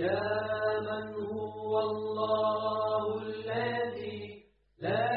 يا من هو الله الذي لا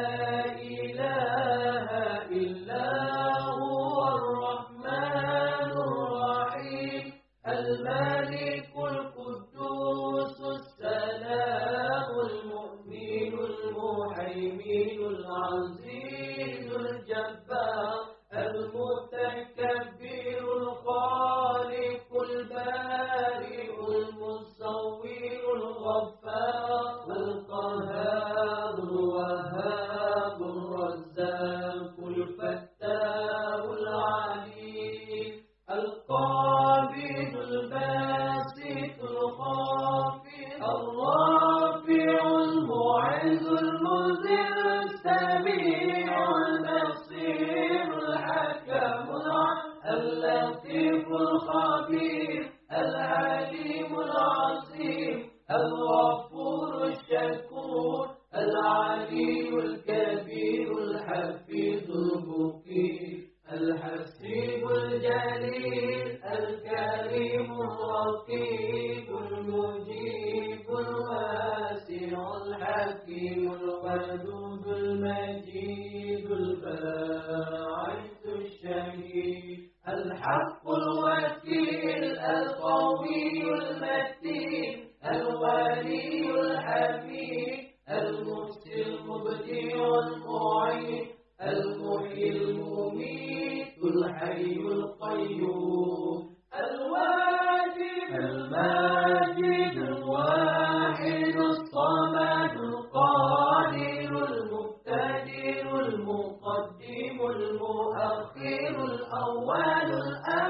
الحق والدين الألقاب وال الأرض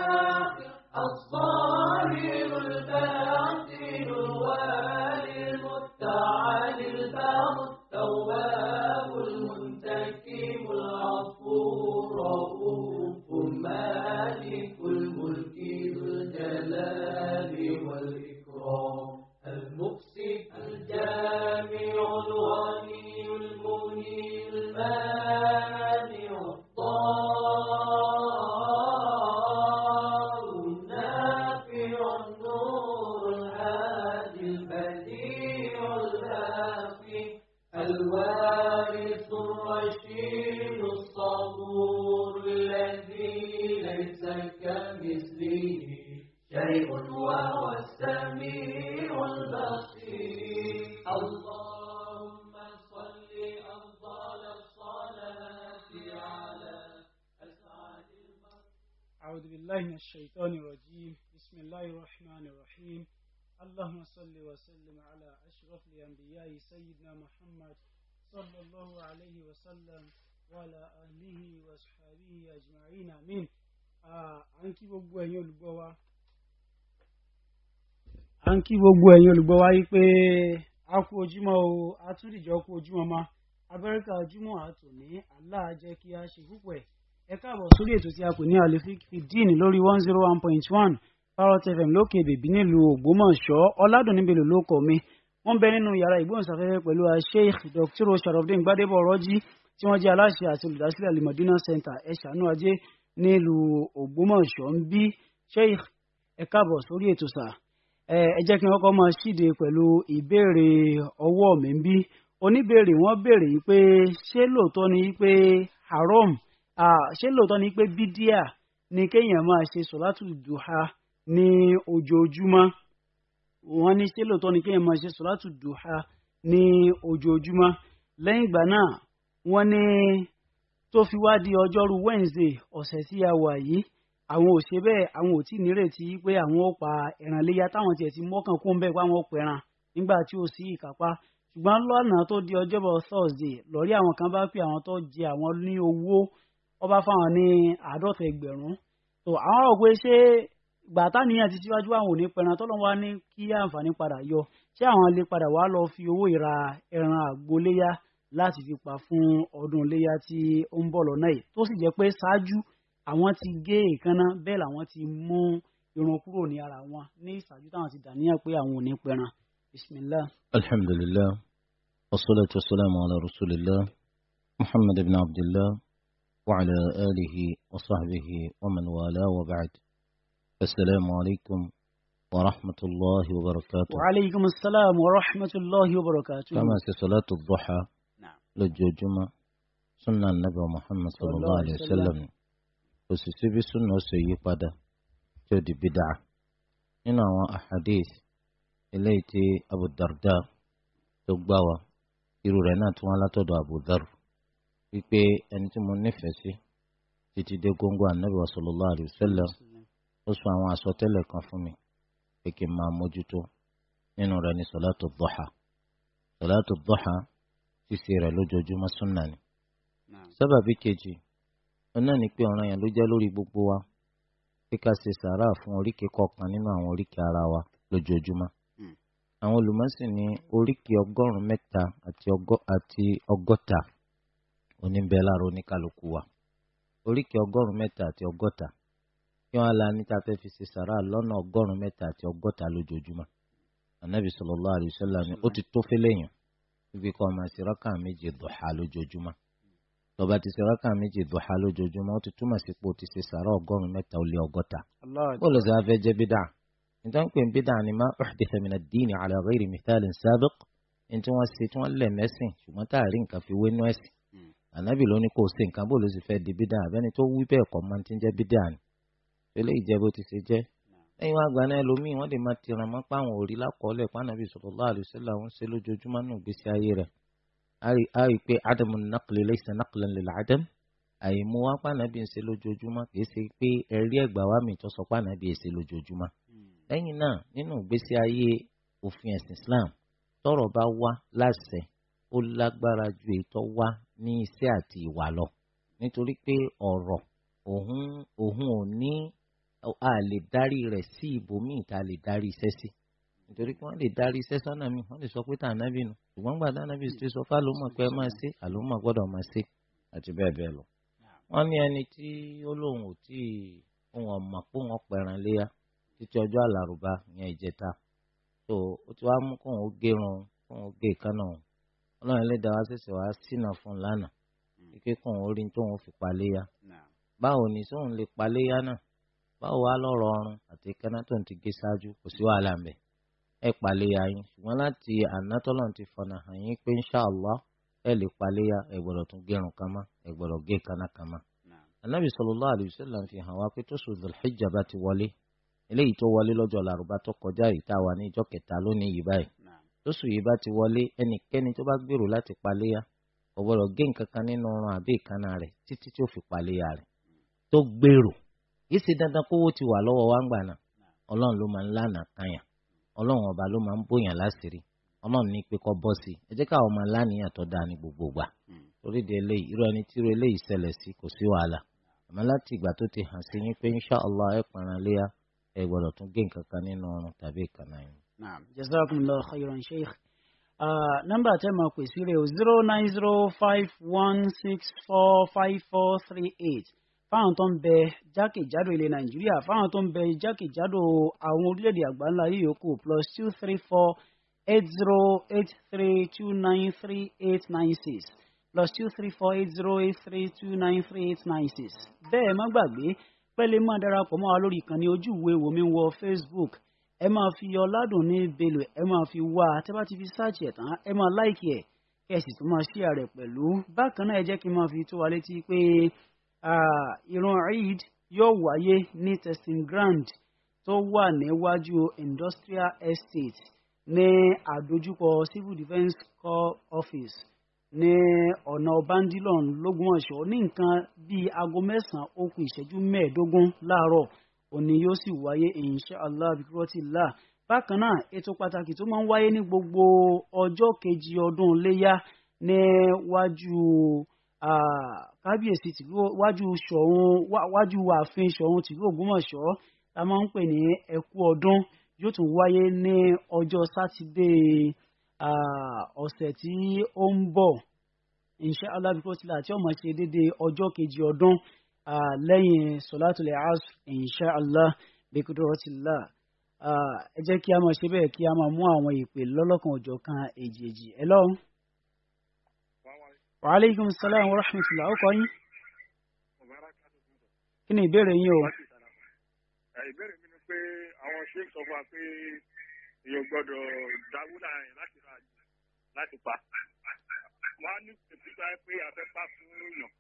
بالله من الشيطان الرجيم بسم الله الرحمن الرحيم اللهم صل وسلم على أشرف الأنبياء سيدنا محمد صلى الله عليه وسلم وعلى آله وصحبه أجمعين آمين à ń kí gbogbo ẹ̀yin olùgbọ́ wa à ń kí gbogbo ẹ̀yin olùgbọ́ wa yìí pé a kú ojúmọ́ o a ẹ káàbọ̀ sórí ètò tí a kò ní àlefik fìdíìn lórí one zero one point one parrot fm lókè bèbí nílùú ògbómọ̀ṣọ́ ọ̀làdùnníbẹ̀lẹ̀ ló kọ̀ mi wọ́n bẹ nínú yàrá ìgbóhùnsáfẹ́fẹ́ pẹ̀lú sheikh dr sharafdin gbadebo ọ̀rọ̀jì tí wọ́n jẹ́ aláṣẹ àti olùdásílẹ̀ alimọ̀dínà center ẹ̀ṣánú ajé nílùú ògbómọ̀ṣọ́ ń bí sheikh ẹ káàbọ̀ sórí ètò sà ẹ jẹ́ kí wọ́n kọ́ máa ṣíde pẹ̀lú ìbéèrè ọwọ́ mi ń bí oníbèrè wọ́n béèrè yìí pé ṣé lóòótọ́ ni yìí pé haram ṣé lóòótọ́ ni pé bídíà ni kéèyàn máa ṣe sọ̀látù dùhà ní ojoojúmọ́ wọ́n ní ṣé lóòótọ́ ni kéèyàn máa ṣe sọ̀látù dùhà ní ojoojúmọ́ lẹ́yìn ìgbà náà wọ́n ní tó fi wá di ọjọ́rú Wednesday ọ̀sẹ̀ tí a wà yìí àwọn ò ṣe bẹ́ẹ̀ àwọn ò tí ì nírètí pé àwọn ò pa ẹran léyà táwọn tiẹ̀ ti mọ́kàn kó ń bẹ́ẹ̀ pé àwọn ò pẹ̀ràn nígbà tí ò sí ìkápá ṣùgbọ́n lọ́nà tó di ọjọ́bọ̀ Thursday lọ́rí àwọn kan bá pè àwọn tó jẹ àwọn ní owó wọ́n bá fáwọn ní àádọ́ta ẹgbẹ̀rún tó àwọn rò pé ṣé gbàtà níyàn ti síwájú àwọn òní pẹran tọ́lọ́ wá ní kí àǹfààní padà yọ ṣé àwọn lè padà wá lọ fi owó ìra ẹran àgbóléyà láti fi pa fún ọdún iléyà tí ó ń bọ̀ lọ́nà yìí tó sì jẹ́ pé ṣáájú àwọn ti gé èékánná bẹ́ẹ̀ làwọn ti mú irun kúrò ní ara wọn ní ìṣáájú táwọn ti dàníyàn pé àwọn òní pẹran bismillah. alhamdulilah wasalaatu wasalaamu ala rasulillah muhammad ibn abdillah. وعلى آله وصحبه ومن والاه وبعد السلام عليكم ورحمة الله وبركاته وعليكم السلام ورحمة الله وبركاته كما في صلاة الضحى نعم للجمعة سنة النبي محمد صلى الله عليه وسلم وسيسيبي سنة سيبادة تودي بدعة هنا أحاديث إليتي أبو الدرداء تقبوا رنات ولا تدو أبو ذر wípé ẹni tí mo nífẹ̀ẹ́ sí títí dé góńgó ànábì wa sallallahu alaihi wasallam ó sọ àwọn àsọtẹ́lẹ̀ kan fún mi pé kí n máa mójútó nínú rẹ̀ ní sọ̀látò dọ́hà sọ̀látò dọ́hà ṣíṣe rẹ̀ lójoojúmọ́ súnà ni. sábàbí kejì ọ̀nà ni pé ọ̀ràn yẹn ló jẹ́ lórí gbogbo wa pé ká ṣe sàárà fún oríkèé kọ̀ọ̀kan nínú àwọn oríkèé ara wa lójoojúmọ́. Hmm. àwọn olùmọ̀sìn ní oríkèé ọgọ́rùn-ún mẹ́ta àti ọgọ́ta oníbẹ̀lára oníkálukú wa oríkèé ọgọ́rùn-ún mẹ́ta àti ọgọ́ta kí wọ́n la níta fẹ́ fi ṣe sàrà lọ́nà ọgọ́rùn-ún mẹ́ta àti ọgọ́ta lójoojúmọ́ anabi sallallahu alaihi wasallam ni ó ti tó fẹ́lẹ́yìn ibi kan máa ṣe rákà méjì dùhà lójoojúmọ́ tó bá ti ṣe rákà méjì dùhà lójoojúmọ́ ó ti túmọ̀ sí pé ó ti ṣe sàrà ọgọ́rùn-ún mẹ́ta ó lé ọgọ́ta ó lọ sí afẹ́ jẹ́ bídà nítorí pé bídà ni ma uhditha min ad-dini ala ànábì ló ní kó o ṣe nǹkan bó ló sì fẹ́ di bídà abẹ́ni tó wí bẹ́ẹ̀ kọ́ máa ti ń jẹ́ bídà ni eléyìí jẹ́ bó ti ṣe jẹ́ lẹ́yìn wá gbaná ẹlòmíì wọ́n lè máa tiran mọ́ páwọn òrí lákọọ́lẹ̀ pànàbí sallallahu alaihi wasallam ń ṣe lójoojúmọ́ nù gbèsè ayé rẹ̀ a rí i pé ádámù nàkìlì laysa nàkìlì lil ádám àìmú wá pànàbí ń ṣe lójoojúmọ́ kìí ṣe pé ẹ̀rí ẹ̀gbà wá mi tó sọ pànàbí ń ṣe lójoojúmọ́ lẹ́yìn náà nínú gbèsè ayé òfin ẹ̀sìn Islam tọ́rọ̀ bá wá láṣẹ ó lágbára ju ètò wá ní iṣẹ́ àti ìwà lọ nítorí pé ọ̀rọ̀ òun òun ò ní a lè darí rẹ̀ sí ibòmíì tá a lè darí iṣẹ́ sí nítorí pé wọ́n lè darí iṣẹ́ sọ́nà mi wọ́n lè sọ pé tànàbì nù ṣùgbọ́n gbàdá nàbì tó sọ fún àlòmọ̀ pé ẹ máa ṣe àlòmọ̀ gbọ́dọ̀ máa ṣe àti bẹ́ẹ̀ bẹ́ẹ̀ lọ. wọ́n ní ẹni tí ó lóun ò tí òun ọ̀mọ̀ pé òun ọ̀pẹ̀ràn léyà títí ọjọ́ àlàrúbá ìyẹn ìjẹta tó o ti wá mú kóun ó gé irun kóun ó gé ìkànnà òun ọlọ́run ẹlẹ́dàá wa ṣẹ̀ṣẹ̀ wá sínà fún lánàá ike hmm. kàn ó rí tóun fi paléyà báwo ni sóun lè paléyà náà báwo wá lọ́rọ̀ ọrùn àti kẹ́nà tó ń ti gé ṣáájú kò sí wàhálà mẹ́ ẹ paléyà yín ṣùgbọ́n láti ànátọ́lọ́n ti fọ̀nà hàn yín pé inshallah ẹ lè paléyà ẹ gbọ́dọ̀ tún gẹrun kan mọ́ ẹ gbọ́dọ̀ gé kaná kan mọ́. anabi sallallahu alaihi wasallam fi hàn wá pé tó sùn Dhul-Hijjah bá ti wọlé eléyìí tó wọlé lọ́jọ́ làrúbá tó kọjá yìí tá ní ìjọ kẹta lónìí yìí báyìí lóṣù yìí bá ti wọlé ẹnikẹ́ni tó bá gbèrò láti paléyà kò gbọ́dọ̀ gé nǹkan kan nínú ọrùn àbí ìkànnà rẹ̀ títí tí ó fi paléyà rẹ̀ tó gbèrò dandan kówó ti wà wa ń gbà náà ọlọ́run ló máa ń ọlọ́run ọba ló máa ń bóyàn láṣìírí ọlọ́run ní pé bọ́ sí i ẹ jẹ́ káwọn máa lánìyàn tó dáa ní gbogbo gbà torí de eléyìí irú ẹni tí irú eléyìí ṣẹlẹ̀ sí kò sí wàhálà àmọ́ naam jazakumullahu khayran sheikh uh, nọ́mbà tẹ́ tema pè sí rẹ̀ o zero nine zero five one six four five four three eight fáwọn tó ń bẹ jákèjádò ilẹ̀ nàìjíríà fáwọn tó ń bẹ jákèjádò àwọn orílẹ̀-èdè àgbáńlá yìí yòókù plus two three four eight zero eight three two nine three eight nine six plus two three four eight zero eight three two nine three eight nine six bẹ́ẹ̀ má gbàgbé pẹ́ẹ́lẹ́ máa darapọ̀ mọ́ wa lórí ìkànnì ojú ìwé wòmí wọ Facebook ẹ máa fi ọ̀làdùn ní belò ẹ máa fi wá a tẹ́ bá ti fi sáàchì ẹ̀ tán ẹ máa láìkì ẹ̀ kẹ́ ẹ sì tún máa ṣíà rẹ̀ pẹ̀lú bákan náà ẹ jẹ́ kí n máa fi tó wa létí pé ìran eid yóò wáyé ní testing ground tó wà níwájú industrial estate ní àdójúkọ civil defence corps office ní ọ̀nà ọ̀bándílọ̀n lógún ọ̀ṣọ́ ní nǹkan bíi aago mẹ́sàn-án ó kù ìṣẹ́jú mẹ́ẹ̀ẹ́dógún láàárọ̀ òní yóò sì wáyé insha allah bikirotillah bákan náà ètò pàtàkì tó máa ń wáyé ní gbogbo ọjọ́ kejì ọdún léyà níwájú kábíyèsí tìlú wájú ṣọ̀ún wájú ààfin ṣọ̀ún tìlú ògbómọ̀ṣọ́ la máa ń pè ní ẹkú ọdún yóò tún wáyé ní ọjọ́ sátidé ọ̀sẹ̀ tí ó ń bọ̀ insha allah tí ó máa ṣe déédéé ọjọ́ kejì ọdún lẹ́yìn solatul asr insha allah bikudurotillah ẹ jẹ́ kí a máa ṣe bẹ́ẹ̀ kí a máa mú àwọn ìpè lọ́lọ́kan òjọ̀ kan èjèèjì ẹ lọ́hùn. wa alaikum salaam wa rahmatullah ọkọ yín. kí ni ìbéèrè yín o. ìbéèrè mi ni pé àwọn ṣe ń sọ fún wa pé èèyàn gbọ́dọ̀ dáwúlà yẹn láti pa. wọ́n á ní ìpèsè pé a fún yàn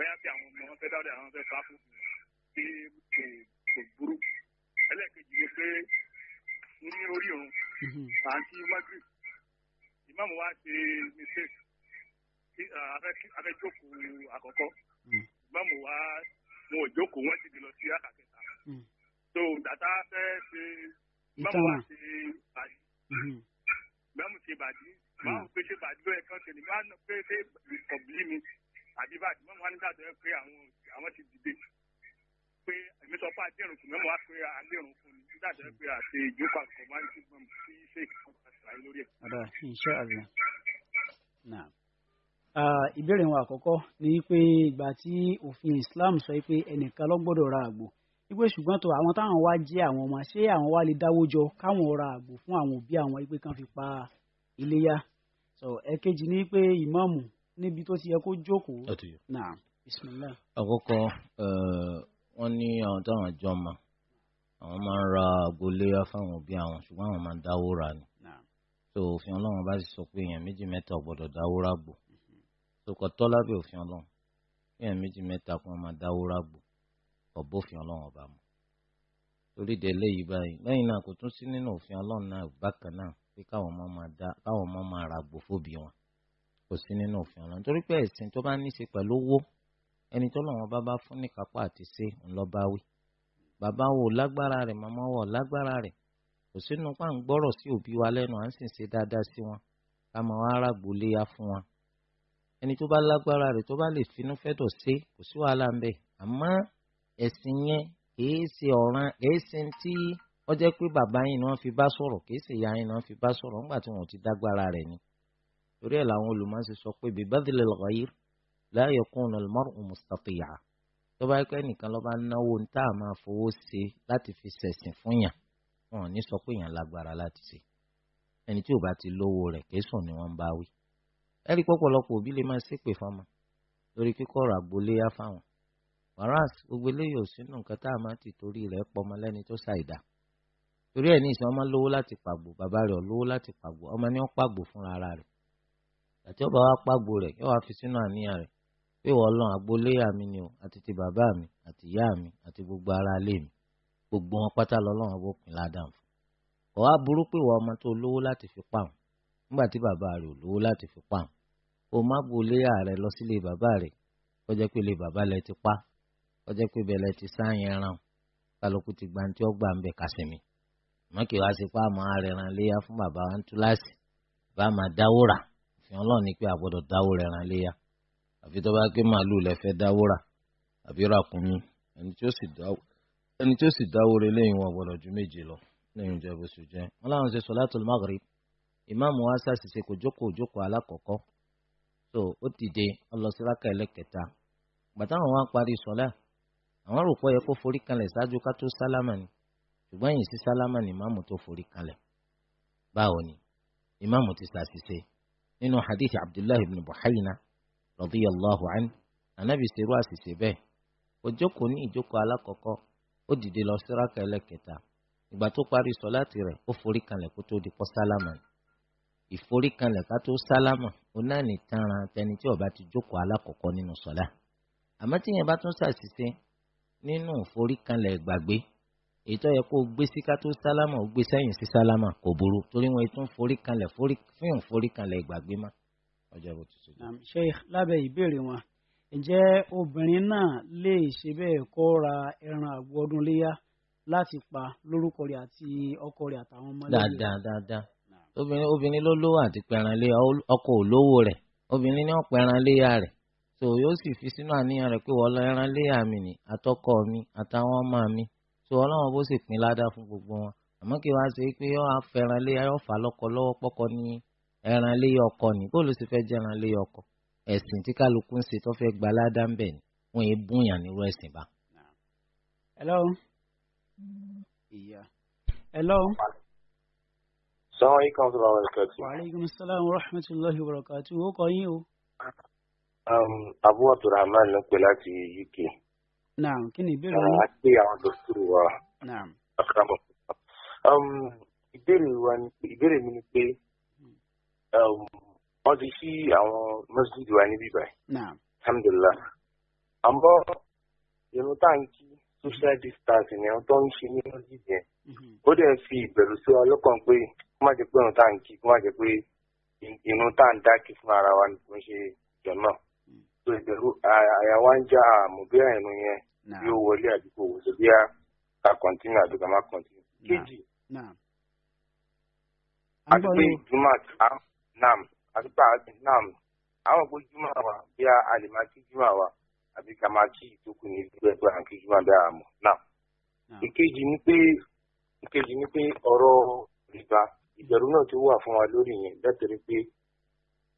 bóyá bí àwọn ọmọ wọn fẹ́ dáwọ́dẹ àwọn fẹ́ sáfù pé kò kò burú ẹlẹ́ẹ̀kejì ni pé ní orí òun mhm. àǹtí wájú ìmáàmù wa ṣe mistake abẹ́jókòó àkọ́kọ́ mm. ìmáàmù wa wọn ò jókòó wọ́n ti di lọ sí àkàkẹ́ta mm. so dàtà fẹ́ ṣe ìmáàmù wa ṣe bàdí mhm. ìmáàmù ṣe bàdí mm. ìmáàmù pé ṣe bàdí lóye kan ṣe ni ìmáàmù pé ṣe ìkọ̀bí mi àbíbá àti mọ́mọ́ wa nígbà tó yẹ pé àwọn àwọn ti dìde pé èmi sọ pé àdéhùn kù mẹ́mọ́ wa pé àdéhùn fún mi nígbà tó yẹ pé àti ìjókòó àkọ́kọ́ máa ń tún gbọ́n sí iṣẹ́ ìkọ́kọ́ lórí ẹ̀. ọ̀dà insha Allah náà ìbéèrè wọn àkọ́kọ́ ni pé ìgbà tí òfin Islam sọ pé ẹnìkan ló gbọ́dọ̀ ra àgbò wípé ṣùgbọ́n tó àwọn táwọn wá jẹ́ àwọn ọmọ ṣé àwọn wá lè dáwó jọ káwọn ra àgbò fún àwọn òbí àwọn wípé kan fi pa iléyà ẹ̀kejì ni pé ìmáàmù níbi tó ti yẹ kó jókòó. náà bisimilayi. àkọ́kọ́ wọ́n ní àwọn táwọn àjọ ma àwọn máa ń ra agboléyà fáwọn òbí àwọn ṣùgbọ́n àwọn máa ń dáwó ra ni. so òfin ọlọ́run bá sì sọ pé èèyàn méjì mẹ́ta ò gbọ́dọ̀ dáwó ra gbò. Mm-hmm. so kò tọ́ lábẹ́ òfin ọlọ́run èèyàn méjì mẹ́ta kan máa dáwó ra gbò kò bófin ọlọ́run ọba mu. torí de eléyìí báyìí lẹ́yìn náà kò tún sí nínú òfin ọlọ́run náà bákan náà pé káwọn ọmọ máa ra gbò fóbi wọn kò sí nínú òfin ọ̀nà torí pé ẹ̀sìn tó bá ní í ṣe pẹ̀lú owó ẹni tó lọ́wọ́ bá bá fún níkápá àti ṣe ńlọ́báwí bàbá wo lágbára rẹ̀ màmá wo lágbára rẹ̀ kò sínú pa ń gbọ́rọ̀ sí òbí wa lẹ́nu à ń sì ṣe dáadáa sí wọn ká máa wá ràgbò léyà fún wọn ẹni tó bá lágbára rẹ̀ tó bá lè finú fẹ́dọ̀ ṣe kò sí wàhálà ń bẹ àmọ́ ẹ̀sìn yẹn kìí ṣe ọ̀ràn kìí tí ó jẹ́ pé bàbá yìí ni wọ́n fi bá sọ̀rọ̀ kìí ṣe ìyá yìí ni wọ́n fi bá sọ̀rọ̀ ńgbà tí wọ́n ti dágbára rẹ̀ ni torí ẹ̀ làwọn olùmọ̀ọ́sí sọ pé bí bẹ́ẹ̀dìlẹ̀ lọ́yìr la yakunu al-mar'u mustati'a tó bá pẹ́ nìkan lọ́ba náwó ń tá a máa fowó ṣe láti fi ṣẹ̀sìn fún yàn wọn ní sọ pé yàn lágbára láti ṣe ẹni tí ò bá ti lówó rẹ̀ késùn ni wọ́n bá wí. ẹ̀rí pọ̀pọ̀lọpọ̀ òbí lè máa ṣépè fọ́mọ lórí kíkọ́rọ̀ àgbóléyá fáwọn wàràs gbogbo eléyìí ò sínú nǹkan tá a máa ti torí rẹ̀ pọmọ lẹ́ni tó ṣàìdá torí ẹ̀ ní ìsìn ọmọ lówó láti pàgbò bàbá rẹ̀ lówó láti pàgbò ọmọ ni ó pàgbò fúnra rẹ̀ àti ọba wa pàgbó rẹ̀ yóò wá fi sínú àníyàn rẹ̀ pé wọ́n lọ́n agboléyà mi ni o àti ti bàbá mi àti ìyá mi àti gbogbo ara ilé mi gbogbo wọn pátá lọ́lọ́run ọba òpin ládàá fún kọ́ wá burú pé ìwà ọmọ tó lówó láti fi pààrùn nígbà tí bàbá rẹ̀ ò lówó láti fi pààrùn o má gboléyà rẹ̀ lọ sílé bàbá rẹ̀ kó jẹ́ pé ilé bàbá lẹ ti pa kó jẹ́ pé bẹ̀lẹ̀ ti sáyẹn ẹran kálukú ti gba tí ó gbà ń bẹ̀ kásìmì mọ́kì wá sí pa àmọ́ arẹ̀ràn léyà fún bàbá wa ń tú bá máa dáwó rà òfin ọlọ́run ni pé a gbọ́dọ̀ dáwó rẹ̀ ràn léyà àfi tó bá pé màálù lẹ fẹ́ dáwó rà àbí ràkúnmí ẹni tí ó sì dáwó ẹni tí ó sì dáwó rẹ̀ lẹ́yìn wọn gbọ́dọ̀ ju méje lọ lẹ́yìn ìjọ bó jẹ́ wọn láwọn ṣe solatul maghrib ìmáàmù wa ṣàṣìṣe kò jókòó jókòó alákọ̀ọ́kọ́ so ó dìde ọlọsíláka ẹlẹ́kẹta gbàtà àwọn wa parí sọlá àwọn rò pé ó yẹ kó forí kanlẹ̀ ṣáájú ká tó sálámà ni ṣùgbọ́n yìí sí sálámà ni ìmáàmù tó forí kanlẹ̀ báwo ni ìmáàmù ti ṣàṣìṣe nínú hadith abdullahi ibn buhayna radiyallahu an anabi seru àṣìṣe bẹ́ẹ̀ ó jókòó ní ìjókòó alákọ̀ọ́kọ́ ó dìde lọ sí rákà ẹlẹ́kẹta ìgbà tó parí sọláàtì rẹ̀ ó forí kanlẹ̀ kó tó di pọ́ sálámà ìforí kanlẹ̀ ká tó sálámà ó náà ní tanran tẹni tí ó ti jókòó alákọ̀ọ́kọ́ nínú sọlá àmọ́ tíyẹn bá tún ṣàṣìṣe nínú ìforí kanlẹ̀ ìgbàgbé ètò yẹ kó gbé síká tó sálámà ó gbé sẹ́yìn sí sálámà kò burú torí wọn tún forí kanlẹ̀ forí fíhùn forí kanlẹ̀ ìgbàgbé má. ọjọ́ bó tuntun. Sheikh lábẹ́ ìbéèrè wọn ǹjẹ́ obìnrin náà lè ṣe bẹ́ẹ̀ kó ra ẹran àgbo ọdún léyà láti pa lórúkọ rẹ̀ àti ọkọ rẹ̀ àtàwọn ọmọ lẹ́yìn. dáadáa dáadáa obìnrin obìnrin ló lówó àti pẹran léyà ọkọ ò lówó rẹ̀ obìnrin ni ó pẹran léyà rẹ̀ tó yóò sì fi sínú àníyàn rẹ̀ pé wọ́n ẹran léyà mi ni àtọkọ mi àtàwọn ọmọ mi tó ọlọ́run bó sì pín ládàá fún gbogbo wọn àmọ́ kí wàá ṣe pé ọ afẹ́ràn lé ọ fà lọ́kọ lọ́wọ́ pọ́kọ ní ẹran lé ọkọ ní bó ló sì fẹ́ jẹ́ ẹran lé ọkọ ẹ̀sìn tí kálukú ń ṣe tó fẹ́ gba ládàá ń bẹ̀ ni wọ́n yẹn búyàn nírú ẹ̀sìn bá. hello. ìyá. hello. sọ́wọ́n yìí kan sọ̀rọ̀ àwọn ẹ̀ka tí. wàhálàyégun sálàmù rahmatulahi wa barakatuh ó kọ yín o. Um, abu abdulrahman ló pè láti uk naam kí ni ìbéèrè yín. àti ah, àwọn dòkítà wa. naam. àkàràmọ̀. Um, ìbéèrè wa ni pé ìbéèrè mi ni pé hmm. um, wọ́n ti ṣí àwọn masjid wa níbí báyìí. naam. alhamdulillah. àmọ́ irun tá à ń kí social hmm. distancing yẹn tó ń ṣe ní masjid yẹn hmm. ó dẹ̀ fi ìbẹ̀rù sí wa lọ́kàn pé kó má jẹ́ pé irun tá à ń kí kó má jẹ́ pé irun tá à ń dá kí fún ara wa ni kò ń ṣe jọ náà. so ìbẹ̀rù àyà wa ń já àmọ̀ bí àìrùn yẹn bí ó wọlé àbí kò wọlé bí a ká kọ́ntínú àbí má kọ́ntínú. kejì àti ìjùmọ̀ ta nam àti pé nam àwọn òpó ìjùmọ̀ wa bí a lè máa kí ìjùmọ̀ wa àbí ká máa kí ìtókù ní ìlú ẹgbẹ́ àǹkí ìjùmọ̀ bí a mọ̀ nam. ìkejì ni pé ìkejì ni pé ọ̀rọ̀ rìbá ìbẹ̀rù náà ti wà fún wa lórí yẹn lẹ́tẹ̀rí pé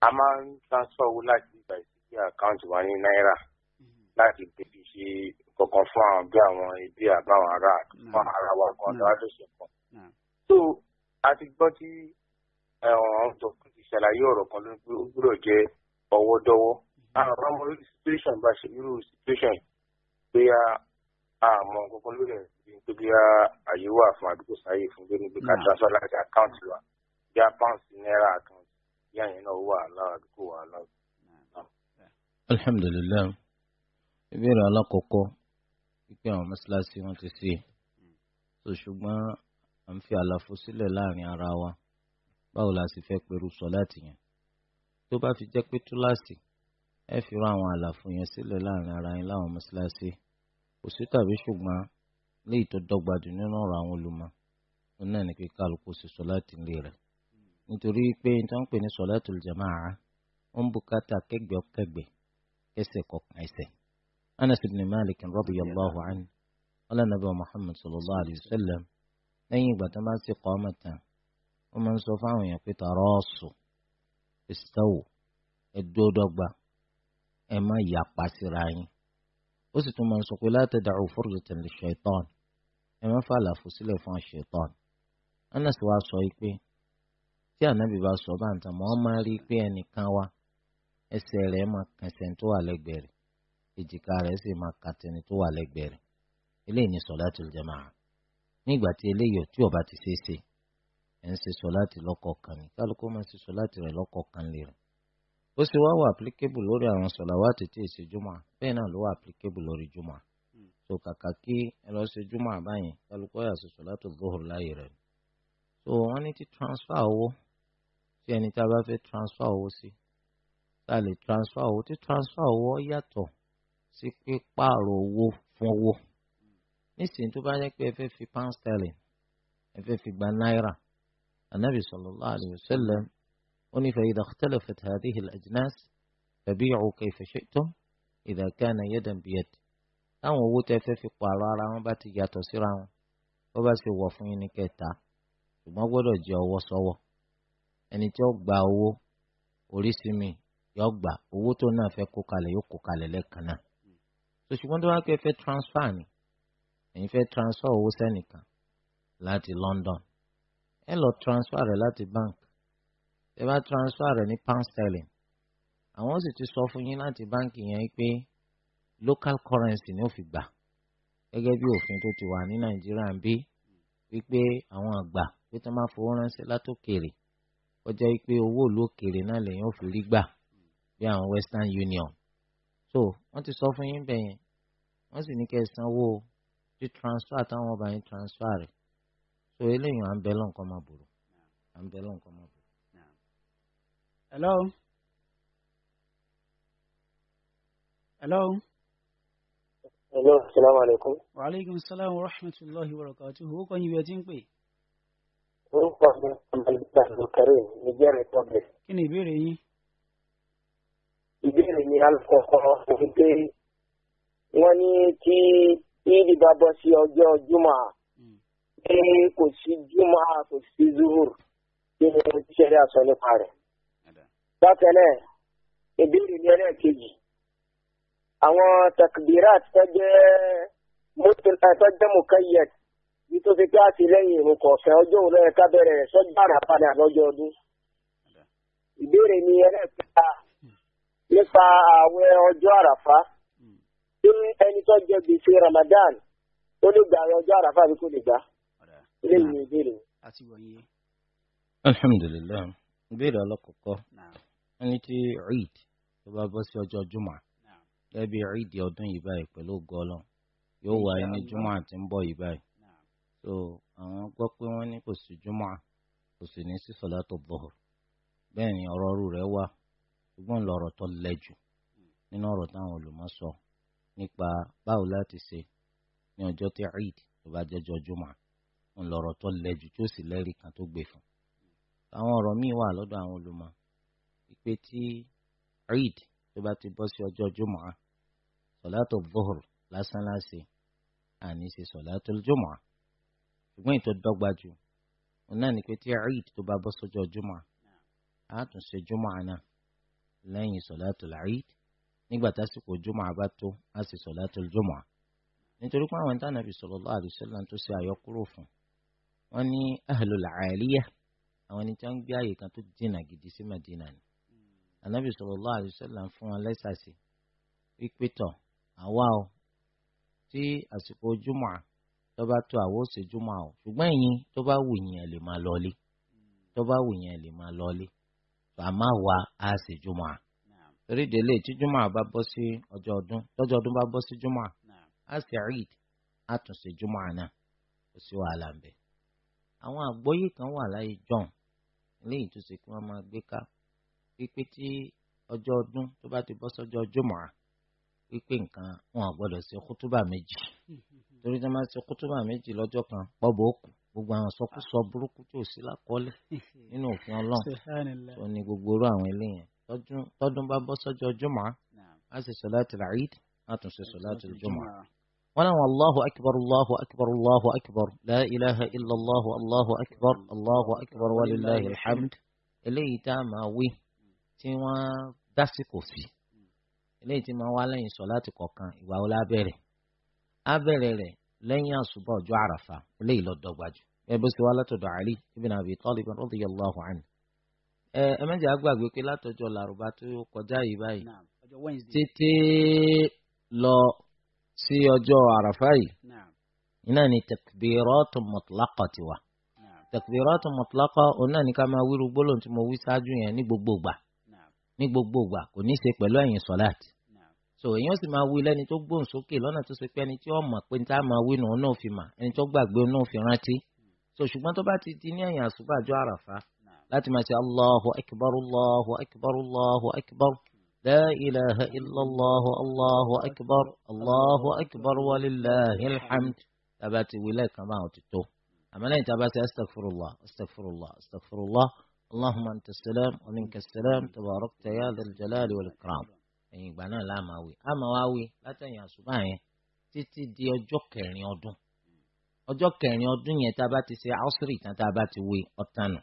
a máa ń transfer owó láti ìgbà ìsìnkú àkáǹtì wa ní náírà mm-hmm. láti fi ṣe kankan fún àwọn bí àwọn ẹbí àbáwọn ará hmm. fún ara wa kan tó hmm. ṣe pọ̀. Hmm. so a ti gbọ́ tí eh, àwọn tó kún ti ṣàlàyé ọ̀rọ̀ kan ló ń gbúdọ̀ jẹ́ ọwọ́dọ́wọ́. àwọn ọmọ orí situation bá ṣe irú situation bóyá àmọ́ kankan lórí ẹ̀ bí pé bí àyè wà fún àdúgbò sáyé fún lórí bí ká transfer láti account wa bí a pounds náírà account yíyan yẹn náà wà láwọn àdúgbò wa lọ. alhamdulilayi ìbéèrè alákọ̀ọ́kọ́ pé àwọn mọ́ṣáláṣí wọn ti sí so ṣùgbọ́n à ń fi àlàfo sílẹ̀ láàrin ara wa báwo la sì fẹ́ pẹ̀lú sọ́láàtì yẹn tó bá fi jẹ́ pé túláàsì ẹ fi rán àwọn àlàfo yẹn sílẹ̀ láàrin ara yín láwọn mọ́ṣáláṣí kò sí tàbí ṣùgbọ́n léyìí tó dọ́gba jù nínú ọ̀rọ̀ àwọn olùmọ̀ òun náà ni pé kálukú ṣe sọ́láàtì ilé rẹ̀ nítorí pé n tó ń pè ní sọ́láàtì jàmáà ó ń bùkátà kẹ́gbẹ́ kẹ́gbẹ́ kẹ́sẹ̀ kọ̀ọ̀kan ẹsẹ̀ Anas ibn Malik radiyallahu anhu ọlọ́nàbẹ́ Muhammad sallallahu alayhi wa sallam lẹ́yìn ìgbà tó máa ń ṣe kọ́ mọ̀tàn ó máa ń sọ fáwọn èèyàn pé tàrọ́ọ̀sù ìsítẹ́wò ẹ̀dúródọ́gba ẹ má yapa síra yín ó sì tún máa ń sọ pé la tada'u furjatan lish-shaytan ẹ má fà àlàfo sílẹ̀ fún ṣaitan Anas wa sọ pé tí ànábì bá sọ bá ń tàn mọ́ ọ máa rí i pé ẹnìkan wa ẹsẹ̀ rẹ̀ máa kẹsẹ̀ tó wà lẹ́gbẹ̀ẹ́ rẹ̀ èjìká rẹ̀ sì máa ka tẹni tó wà lẹ́gbẹ̀ẹ́ rẹ̀ eléyìí ni sọ̀láàtì jamaa nígbà tí eléyìí tí ó bá ti ṣeé ṣe ẹ̀ ń ṣe sọ̀láàtì lọ́kọ̀ọ̀kan ni kálukú máa ṣe sọ̀láàtì rẹ̀ lọ́kọ̀ọ̀kan lè rẹ̀ ó sì wá wà applicable lórí àwọn sọ̀làwátì tí èsì jùmọ̀ bẹ́ẹ̀ náà ló wà applicable lórí jùmọ̀ hmm. so kàkà kí ẹ lọ ṣe jùmọ̀ àbáyìn kálukú ọ̀yà ṣe sọ̀làtì zuhur láàyè rẹ̀ so wọ́n ní ti transfer owó sí ẹni tá transfer owó sí transfer owó transfer owó yàtọ̀ sí pípààrọ̀ owó fún owó nísìnyí tó bá yẹ pé ẹ fẹ́ fi pound sterling ẹ fẹ́ fi gba náírà anabi sallallahu alayhi wa sallam ó ní fa idha ikhtalafat hadhihi al-ajnas fabi'u kayfa shi'tum idha kana yadan biyad táwọn owó tẹ fẹ́ fi pààrọ̀ ara wọn bá ti yàtọ̀ síra wọn bó bá ṣe wọ̀ fún yín ní kẹta ṣùgbọ́n gbọ́dọ̀ jẹ́ ọwọ́ sọ́wọ́ ẹni tí ó gba owó oríṣi mi yọ gbà owó tó náà fẹ́ kó kalẹ̀ yóò kó kalẹ̀ lẹ́ẹ̀kan náà so ṣùgbọ́n tó bá pẹ́ fẹ́ transfer ni ẹ̀yin fẹ́ transfer owó sẹ́nìkan láti London ẹ lọ transfer rẹ̀ láti bank ẹ bá transfer rẹ̀ ní pound sterling àwọn sì ti sọ fún yín láti báǹkì yẹn pé local currency ni ó fi gbà gẹ́gẹ́ bí òfin tó ti wà ní Nàìjíríà ń bí wípé àwọn àgbà pé tó máa fowó ránṣẹ́ látòkèrè ó jẹ́ pé owó ìlú òkèrè náà lèyìn ò fi rí gbà bí àwọn Western Union so wọ́n ti sọ fún yín bẹ́ẹ̀ yẹn wọ́n sì ní kẹ́ ẹ sanwó tí transfer táwọn ọba yẹn transfer rẹ̀ so eléyìí à ń bẹ lọ́nkọ́ máa bòrò à ń bẹ lọ́nkọ́ máa bòrò. hello. hello. hello salaamu alaykum. wa aleykum salaam wa rahmatulahi wa barakatuhu o kò ní ibi ẹ ti ń pè. orúkọ mi ọmọlúwà abdulkareem niger republic. kí ni ìbéèrè yín. ìbéèrè yín alukọ̀kọ̀ òfin pé wọ́n ní tí ìdí bá bọ́ sí ọjọ́ jùmọ̀ hmm. pé kò sí jùmọ̀ kò sí zuhur kí ni mo ti ṣẹlẹ̀ àṣọ nípa rẹ̀. bákan náà ìbéèrè ní ẹlẹ́ẹ̀kejì àwọn takbirat tọ́jẹ́ tọ́jẹ́ mukayyad bí tó fi ká sí lẹ́yìn ìrun kọ̀ọ̀kan ọjọ́ òun lọ́yẹ ká sọ́jà àràpadà lọ́jọ́ ọdún. ìbéèrè ní ẹlẹ́ẹ̀kẹta hmm. nípa ààwẹ̀ ọjọ́ àràfá. ẹni tó jẹ gbèsè Ramadan ó lè gbà àwọn ọjọ́ àràfà bí gbà ilé ìwé ìbéèrè. alhamdulilayi ìbéèrè ọlọ́kọ̀ọ́kọ́ ẹni tí eid tó bá bọ́ sí ọjọ́ jùmọ̀ gẹ́gẹ́ bí eid ọdún yìí báyìí pẹ̀lú yóò jùmọ̀ àti ń bọ̀ yìí so àwọn gbọ́ pé wọ́n ní kò sí jùmọ̀ kò sọ nípa báwo láti ṣe ní ọjọ́ tí Eid tó bá jẹ́jọ́ jùmọ̀ ń lọ̀rọ̀ tó lẹ́jù tó sì lẹ́rìí kan tó gbé fún. àwọn ọ̀rọ̀ míì wà lọ́dọ̀ àwọn olùmọ̀ ìpè tí Eid tó bá ti bọ́ sí ọjọ́ jùmọ̀ sọ̀látò zuhur lásán láṣẹ àní ṣe sọ̀látò jùmọ̀ ṣùgbọ́n ìtọ́ dọ́gba jù òun náà ni pé tí Eid tó bá bọ́ sọ́jọ́ jùmọ̀ á jùmọ̀ náà lẹ́yìn sọ̀látò Eid nígbà tásìkò jùmọ̀ àbá tó á sì solatul jùmọ̀ nítorí pé àwọn tánàbì sallallahu alaihi wasallam tó ṣe àyọkúrò fún wọn ní ahlul aliyah àwọn ẹni tí wọn ń gbé àyè kan tó dínà gidi sí Madina ni ànábì sallallahu alaihi wasallam fún wọn lẹ́sàsì pípé tọ̀ àwa o tí àsìkò jùmọ̀ tó bá tó àwọ̀ ṣe jùmọ̀ o ṣùgbọ́n ẹ̀yin tó bá wù yín lè máa lọlé tó bá wù yín lè máa lọlé àmọ́ torí délé tí jùmọ̀ bá bọ́ sí ọjọ́ ọdún tọ́jọ́ ọdún bá bọ́ sí jùmọ̀ á sì Eid á tún sí jùmọ̀ náà kò sí wàhálà ń bẹ. àwọn àgbọ́yé kan wà láyé john lẹ́yìn tó ṣe kí wọ́n máa gbé ká pípé tí ọjọ́ ọdún tó bá ti bọ́ sọ́jọ́ jùmọ̀ pípé nǹkan wọn gbọ́dọ̀ ṣe kútúbà méjì torí tí wọ́n máa ṣe kútúbà méjì lọ́jọ́ kan pọ́bọ̀ òkú gbogbo àwọn sọkúsọ burúkú tí sí lákọ́lẹ̀ nínú òfin ọlọ́run tó ní gbogbo orú àwọn eléyẹn تجم باب بصج الجمعة نعم هذه صلاة العيد هاتم صلاة, أكبر الله أكبر الله أكبر لا إله إلا الله الله أكبر الله أكبر ولله الحمد إلي تاما وي تيما داسي كوفي إلي تيما والين صلاة كوكان ولا بيري أبيري لي لن يصبح جعرفة إلي لدو باجو يبسي والا تدعالي ابن أبي طالب رضي الله عنه ẹ ẹ mẹjẹ agbàgbé pé látọjọ́ làrúbá tó kọjá yìí báyìí tètè lọ sí ọjọ́ àràfá yìí iná ni takbiratu mutlaqa ti wà takbiratu mutlaqa òun náà ní ká máa wíru gbólóhùn tí mo wí ṣáájú yẹn ní gbogbo ìgbà ní gbogbo ìgbà kò ní í ṣe pẹ̀lú ẹ̀yìn sọ́láàtì so èèyàn sì máa wí lẹ́ni tó gbóhùn sókè lọ́nà tó ṣe pé ẹni tí ó mọ̀ pé ní tá a máa wí nù òun náà mà ẹni tó gbàgbé òun náà rántí hmm. so ṣùgbọ́n tó bá ti di ní ẹ̀yìn àṣùbàjọ́ àràfá ما شاء الله أكبر الله أكبر الله أكبر لا إله إلا الله الله أكبر الله أكبر ولله الحمد تباتي ولك ما وتتو أما لا تبات أستغفر الله أستغفر الله أستغفر الله اللهم أنت السلام ومنك السلام تبارك يا ذا الجلال والإكرام ẹ̀yìn إيه، بنا لا ماوي أما wí لا máa wá تتي دي àṣùbà yẹn títí di ọjọ́ kẹrin ọdún ọjọ́ kẹrin ọdún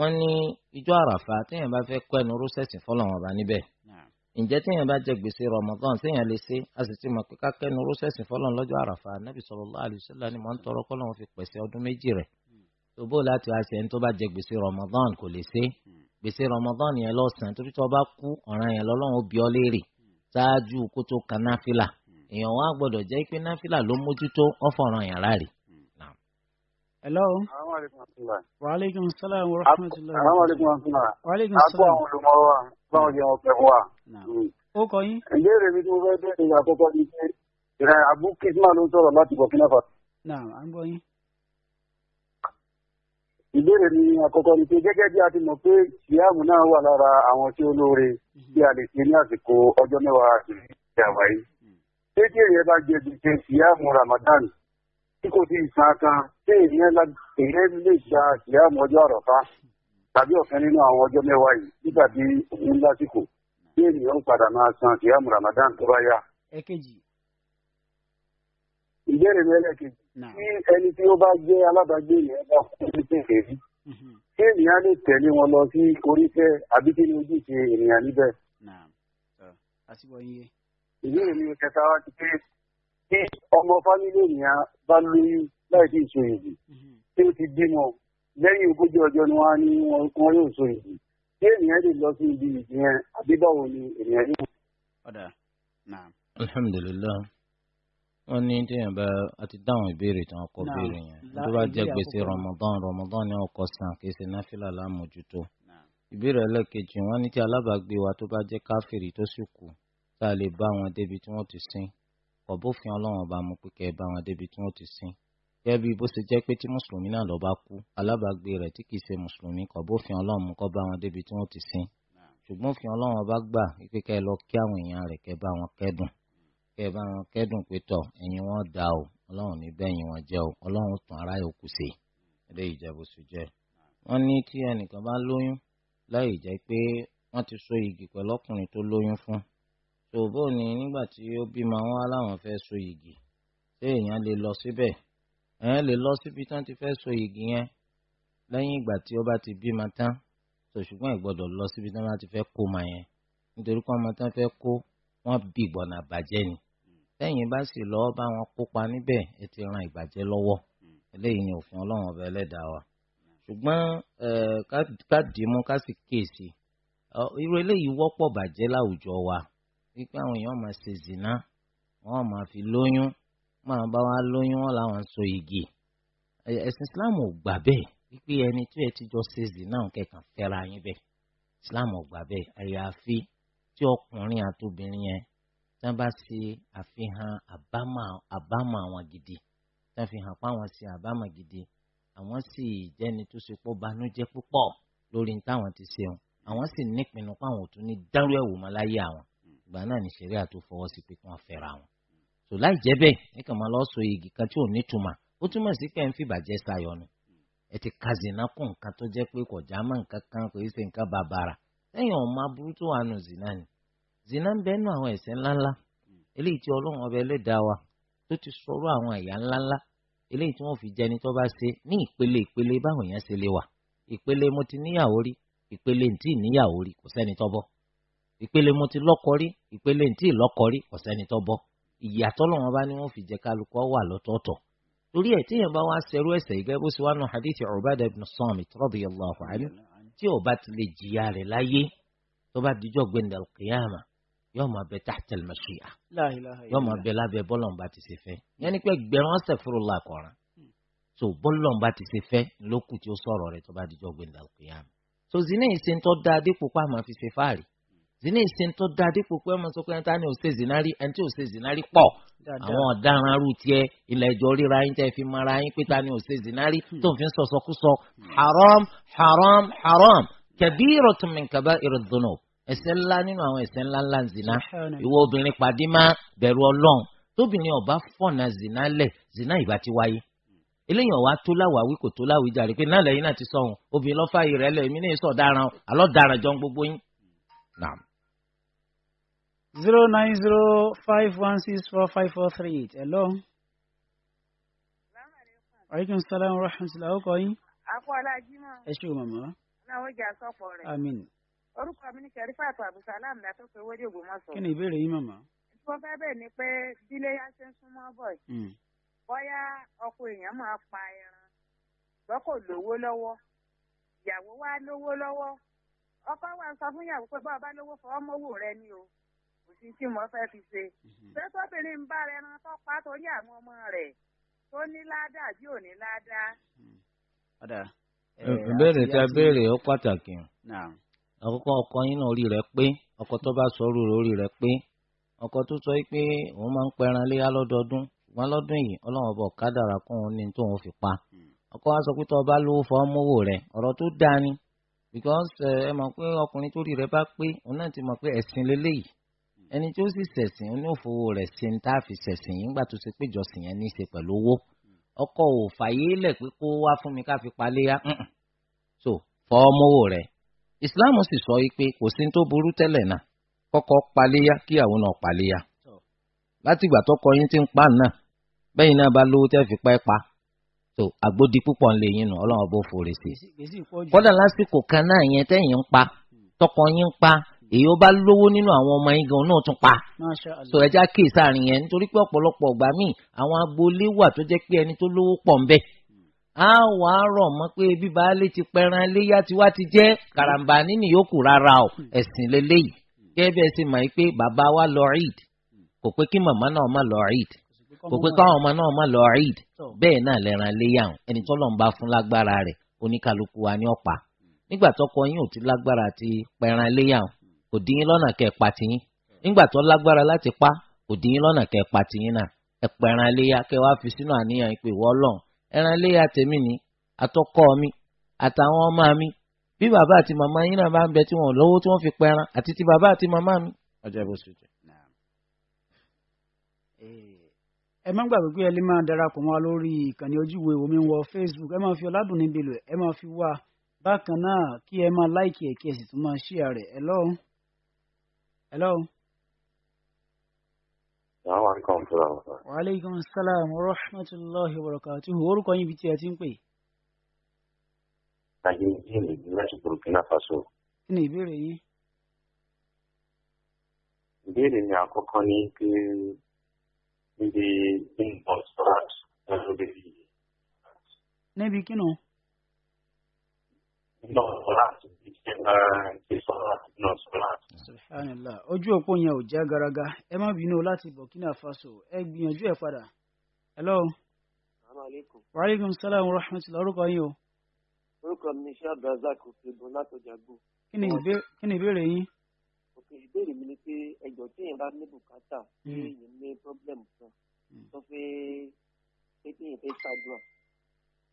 wọ́n ní ìjọ àràfà téèyàn bá fẹ́ kọ́ ẹnu rọ́sẹ̀sì fọlọ́wọn ọba níbẹ̀ ǹjẹ́ téèyàn bá jẹ gbèsè Ramadan téèyàn lè ṣe a sì ti mọ̀ pé kákẹ́nu rọ́sẹ̀sì fọlọ́wọn lọ́jọ́ àràfà Nabi sallallahu alaihi wasallam ni mò ń tọrọ kọ́ lọ́wọ́ fi pèsè ọdún méjì rẹ̀ tòbó hmm. láti wá ṣe ẹni tó bá jẹ gbèsè Ramadan kò lè ṣe hmm. gbèsè Ramadan yẹn lọ́sàn torí tó bá kú ọ̀ràn yẹn lọ́lọ́run hello. waaleykum salaam wa rahmatulah. waaleykum salaam. waaleykum salaam. a kó àwọn olùmọ̀ wa báwo ni wọn fẹ́ wà. Hmm. ó kọ yín. ìbéèrè mi tí mo fẹ́ bẹ̀rẹ̀ ìgbà àkọ́kọ́ ni pé ìrìn àbú kisma ló ń sọ̀rọ̀ láti burkina faso. naam à ń gbọ́ yín. ìbéèrè mi àkọ́kọ́ ni pé gẹ́gẹ́ bí a ti mọ̀ pé ìyáàmù náà wà lára àwọn tí ó lóore bí mhm. a lè ṣe ní àsìkò ọjọ́ mẹ́wàá àti ìyàwó yìí. ṣé kí tí kò sí ìsan kan ṣé ìyẹn lè gba ìyá ọmọjọ́ àròfá tàbí ọ̀kan nínú àwọn ọjọ́ mẹ́wàá yìí nígbà tí òun lásìkò bí ènìyàn padà máa san ìyá Ramadan tó bá yá. ẹ̀kejì. ìbéèrè mi ẹlẹ́kejì. tí ẹni tí ó bá jẹ́ alábàágbé yẹn bá kú ní kéèké rí. Mhm. ṣé ènìyàn lè tẹ̀lé wọn lọ sí oríṣẹ́ àbí kí ni ojúṣe ènìyàn níbẹ̀. ìbéèrè mi kẹta wá ti pé pé ọmọ fámílì ènìyàn bá lóyún láì tí ì so èdè tí ó ti bímọ lẹ́yìn ogójì ọjọ́ ni wọ́n ní wọn yóò so èdè tí ènìyàn lè lọ sí ibi ìdíyẹn àbí báwo ni ènìyàn yóò. ọ̀dà náà. alhamdulilayi wọ́n ní téèyàn bá a ti dáhùn ìbéèrè tí wọ́n kọ́ béèrè yẹn tó bá jẹ́ gbèsè Ramadan Ramadan ni wọ́n kọ́ san kì í ṣe náfìlà lámójútó ìbéèrè ẹlẹ́kejì wọ́n ní tí alábàágbé wa tó bá jẹ́ káfíìrì tó sì kù tá a lè bá wọn débi tí wọ́n ti sin kò bófin ọlọ́run ọba mu pé kẹ́ ẹ bá wọn débi tí wọ́n ti sìn gẹ́gẹ́ bí bó ṣe jẹ́ pé tí mùsùlùmí náà lọ́ọ́ bá kú alábàágbé rẹ̀ tí kìí ṣe mùsùlùmí kò bófin ọlọ́run mu kó bá wọn débi tí wọ́n ti sìn ṣùgbọ́n òfin ọlọ́run ọba gbà pé kẹ́ ẹ lọ kí àwọn èèyàn rẹ̀ kẹ́ bá wọn kẹ́dùn kẹ́ ẹ bá wọn kẹ́dùn pé tọ̀ ẹ̀yin wọn dà o ọlọ́run ní bẹ́yìn wọn jẹ́ o ọlọ́run tún ará yòókù ṣe ilé ìjẹ́bù sì jẹ́ wọ́n ní jẹ́ wọ́n ṣòbó ni nígbà tí ó bímọ wọn wá láwọn fẹ́ so yìgì ṣé èèyàn lè lọ síbẹ̀ èèyàn lè lọ síbi tán ti fẹ́ so yìgì yẹn lẹ́yìn ìgbà tí ó bá ti bímọ tán tó ṣùgbọ́n ìgbọ́dọ̀ lọ síbi tán bá ti fẹ́ kó ma yẹn nítorí pé ọmọ tán fẹ́ kó wọn bí ìgbọ̀nà àbàjẹ́ ni lẹ́yìn bá sì lọ́ọ́ bá wọn kópa níbẹ̀ ẹ ti ran ìbàjẹ́ lọ́wọ́ eléyìí ni òfin ọlọ́run ọba ẹlẹ́dàá wa ṣùgbọ́n eh, ká dìímú ká sì kíyèsí irú eléyìí wọ́pọ̀ bàjẹ́ láwùjọ wa wípé àwọn èèyàn máa ṣe zìnà wọn máa fi lóyún máa bá wa lóyún wọn làwọn ń so igi ẹ̀sìn islam ò gbà bẹ́ẹ̀ wípé ẹni tí ẹ ti jọ ṣe zìnà kẹkàn fẹ́ra yín bẹ́ẹ̀ islam ò gbà bẹ́ẹ̀ àyàfi tí ọkùnrin àtobìnrin yẹn tí wọ́n bá ṣe àfihàn àbámọ̀ àwọn gidi tí wọ́n fi hàn pé àwọn ṣe àbámọ̀ gidi àwọn sì jẹ́ni tó ṣe pọ̀ banújẹ́ púpọ̀ lórí táwọn ti ṣeun àwọn sì nípinnu pé àwọn ò tún ní dárú ẹ̀wò mọ́ láyé àwọn ìgbà náà ní ṣẹ̀ríà tó fọwọ́ sí pé kí wọ́n fẹ́ra wọn. sò láì jẹ́ bẹ́ẹ̀ ẹ kàn máa lọ sọ igi kan tí ò ní túmọ̀ ó túmọ̀ sí pé ń fìbàjẹ́ sayọ ni ẹ ti ka zina kún nǹkan tó jẹ́ pé kò já mọ́ nǹkan kan kò í ṣe nǹkan bàbàrà lẹ́yìn ọ̀ma burú tó wà nù zina ni zina ń bẹ́nu àwọn ẹ̀ṣẹ̀ ńláńlá eléyìí tí ọlọ́run ọba ẹlẹ́dàá wa tó ti sọ̀rọ̀ àwọn ẹ̀yà ńláńlá eléyìí tí wọ́n fi jẹni tó bá ṣe ní ìpele ìpele báwọn èèyàn ṣe lè wà ìpele mo ti níyàwó rí ìpele ntí níyàwó rí kò sẹ́ni tó ìpele mo ti lọ́kọ rí ìpele ntí lọ́kọ rí ọ̀sẹ́ni tó bọ́ ìyàtọ̀ lọ́wọ́n bá ní wọ́n fi jẹ kálukọ́ wà lọ́tọ̀ọ̀tọ̀ torí ẹ̀ tíyẹn bá wá ṣerú ẹ̀ṣẹ̀ ìgẹ́ bó ṣe wá nù hadithi Ubadah ibn Samit radiyallahu anhu tí ó bá ti lè jìyà rẹ̀ láyé tó bá dijọ́ gbẹ̀ndẹ̀ al so bọ́lọ̀mbà ti ṣe fẹ́ hmm. lókù tí ó sọ̀rọ̀ rẹ̀ tó so zina yìí ṣe ń tọ́ da dípò zina ìsìn tó da dípò pé ọmọ sọkùnrin ta ni ò ṣe zina rí ẹni tí ò ṣe zina rí pọ̀ àwọn ọ̀daràn arú tiẹ̀ ilẹ̀ ìjọ ríra yín tẹ́ fi mara yín pé ta ni ò ṣe zina rí hmm. tó ń fi sọ̀sọ̀kúsọ haram haram haram kabiratun min kaba'iriz dhunub ẹ̀ṣẹ̀ ńlá nínú àwọn ẹ̀ṣẹ̀ ńlá ńlá zina ìwọ obìnrin pàdé má bẹ̀rù Ọlọ́run tóbìnrin ọba fọ̀nà zina lẹ̀ zina ìbá ti wáyé eléyìí ọ̀wá tó láwàáwí kò tó láwìí jàre pé náà lẹ́yìn náà ti sọ̀hún obìnrin lọ́fà yìí rẹ̀ lẹ̀ èmi náà sọ̀ dáran àlọ́ dáran jọ gbogbo yín zero nine zero five one six four five four three eight. Hello. aleykum salaam wa rahmatulah ọkọ yín. akọ́lá jimá. ẹ ṣé o màmá. náà ó jà sọ́pọ̀ rẹ̀. àmín. orúkọ mi ni kẹrìfàtò abdulsalam látọ̀pẹ̀ wọlé Ògbómọ̀ṣọ́. kí ni ìbéèrè yín màmá. tí wọ́n fẹ́ bẹ̀ ni pé bílé yá ṣe ń súnmọ́ bọ̀ yìí. Hmm. bóyá ọkọ èèyàn máa pa ẹran lọ́kọ̀ lówó lọ́wọ́ ìyàwó wa lówó lọ́wọ́ ọkọ wa sọ fún ìyàwó pé bá ọba lówó fọwọ́ mọ́wó rẹ ni o. sí tí mo fẹ́ fi ṣe. Mhm. ṣé ń bá rẹ ran tó torí àwọn ọmọ rẹ̀ tó ní ládàá bí ò ní ládàá. Hmm. Eh, ìbéèrè tí a béèrè ó pàtàkì àkọ́kọ́ ọkọ yín náà orí pé ọkọ tó bá sọ orí rẹ̀ ọkọ tó sọ pé òun máa ń pẹran lọ́dọọdún wọn lọ́dún yìí ọlọ́run ọba ní tóun fi pa hmm. ọkọ wa sọ pé tó o bá lówó fọ ọmọwò rẹ ọ̀rọ̀ tó dáa ni because eh, ẹ mọ̀ mọ̀ pé ẹ̀sìn ẹni tí ó sì ṣẹ̀sìn ó ní òfowó rẹ̀ ṣe ń tá a fi ṣẹ̀sìn yìí ńgbà tó ṣe pé ìjọsìn yẹn ní í ṣe pẹ̀lú owó ọkọ ò fàyè lẹ̀ pé kó wá fún mi ká fi palẹ́ yá so fọ ọmọwò rẹ̀ ìsìláàmù sì sọ yìí pé kò sí ní tó burú tẹ́lẹ̀ náà kọ́kọ́ palẹ́ yá kí àwọn náà palẹ́ yá látìgbà tọkọ yín ti ń pa náà bẹ́yìn náà bá lówó tẹ́ fi pẹ́ pa so àgbódi púpọ̀ ń lè yín nù ọlọ́run bó forí sí lásìkò kan náà yẹn tẹ́yìn ń pa tọkọ yín ń pa èyí ó bá lówó nínú àwọn ọmọ yín gan náà tún pa tó ẹja kéè sáàrin yẹn nítorí pé ọ̀pọ̀lọpọ̀ ọ̀gbà míì àwọn agboolé wà tó jẹ́ pé ẹni tó lówó pọ̀ ńbẹ á wà á rọ̀ mọ́ pé bí baálé ti pẹran léyà tiwa ti jẹ́ karambà nínú yòókù rárá o ẹ̀sìn lélẹ́yìí gẹ́gẹ́ bí ẹ ti mọ̀ pé bàbá wa lọ Eid kò pé kí màmá náà má lọ Eid kò pé káwọn ọmọ náà má lọ Eid bẹ́ẹ̀ náà lẹ́ran kò dín yín lọ́nà kẹ́ ẹ pa tiyín nígbà tó lágbára láti pa kò dín yín lọ́nà kẹ́ ẹ pa tiyín náà ẹ pa ẹran iléyà kẹ́ ẹ wá fi sínú àníyàn ìpè wọ́ ọlọ́run ẹran iléyà tèmi ni àtọkọ mi àtàwọn ọmọ mi bí bàbá àti màmá yín náà bá ń bẹ tí wọn lọ́wọ́ tí wọ́n fi pẹran àti ti bàbá àti màmá mi. ọjọ́ ìbò sùn jẹ. ẹ má gbàgbé pé ẹ máa darapọ̀ mọ́ wa lórí ìkànnì ojúwe omi wọ Facebook ẹ máa fi ọ̀làdùn níbi lò ẹ máa fi wá bákan náà kí ẹ máa láìkì ẹ̀ sì tún máa ṣíà rẹ̀ ẹ lọ́rùn. الو Assalamu alaikum wa alaikum assalam wa rahmatullahi wa barakatuh orúkọ yín ibi tí ẹ ti ń pè. Àyè ìdí ìlú láti Burkina Faso. Kí ni ìbéèrè yín? Ìbéèrè mi àkọ́kọ́ ni pé níbi inbox rat lọ́dún bíi. Níbi kí nù? náà sọ́láàtì ìṣẹ̀lá ti sọ́láàtì náà sọ́láàtì. subhanallah ojú òpó yẹn ò já garaga ẹ má bínú láti burkina faso ẹ gbìyànjú ẹ padà. hello. salaamaleykum. waaleykum salaam wa rahmatulah orúkọ yín o. orúkọ mi ṣé abdulrasaq ṣègùn látọjàgbó. kí ni ìbéèrè yín. òkè ìbéèrè mi ni pé ẹjọ́ tí èèyàn bá ní bùkátà tí hmm. èèyàn ní pọblẹmù kan hmm. tó fẹ́ pé kí èèyàn fẹ́ ṣàdúrà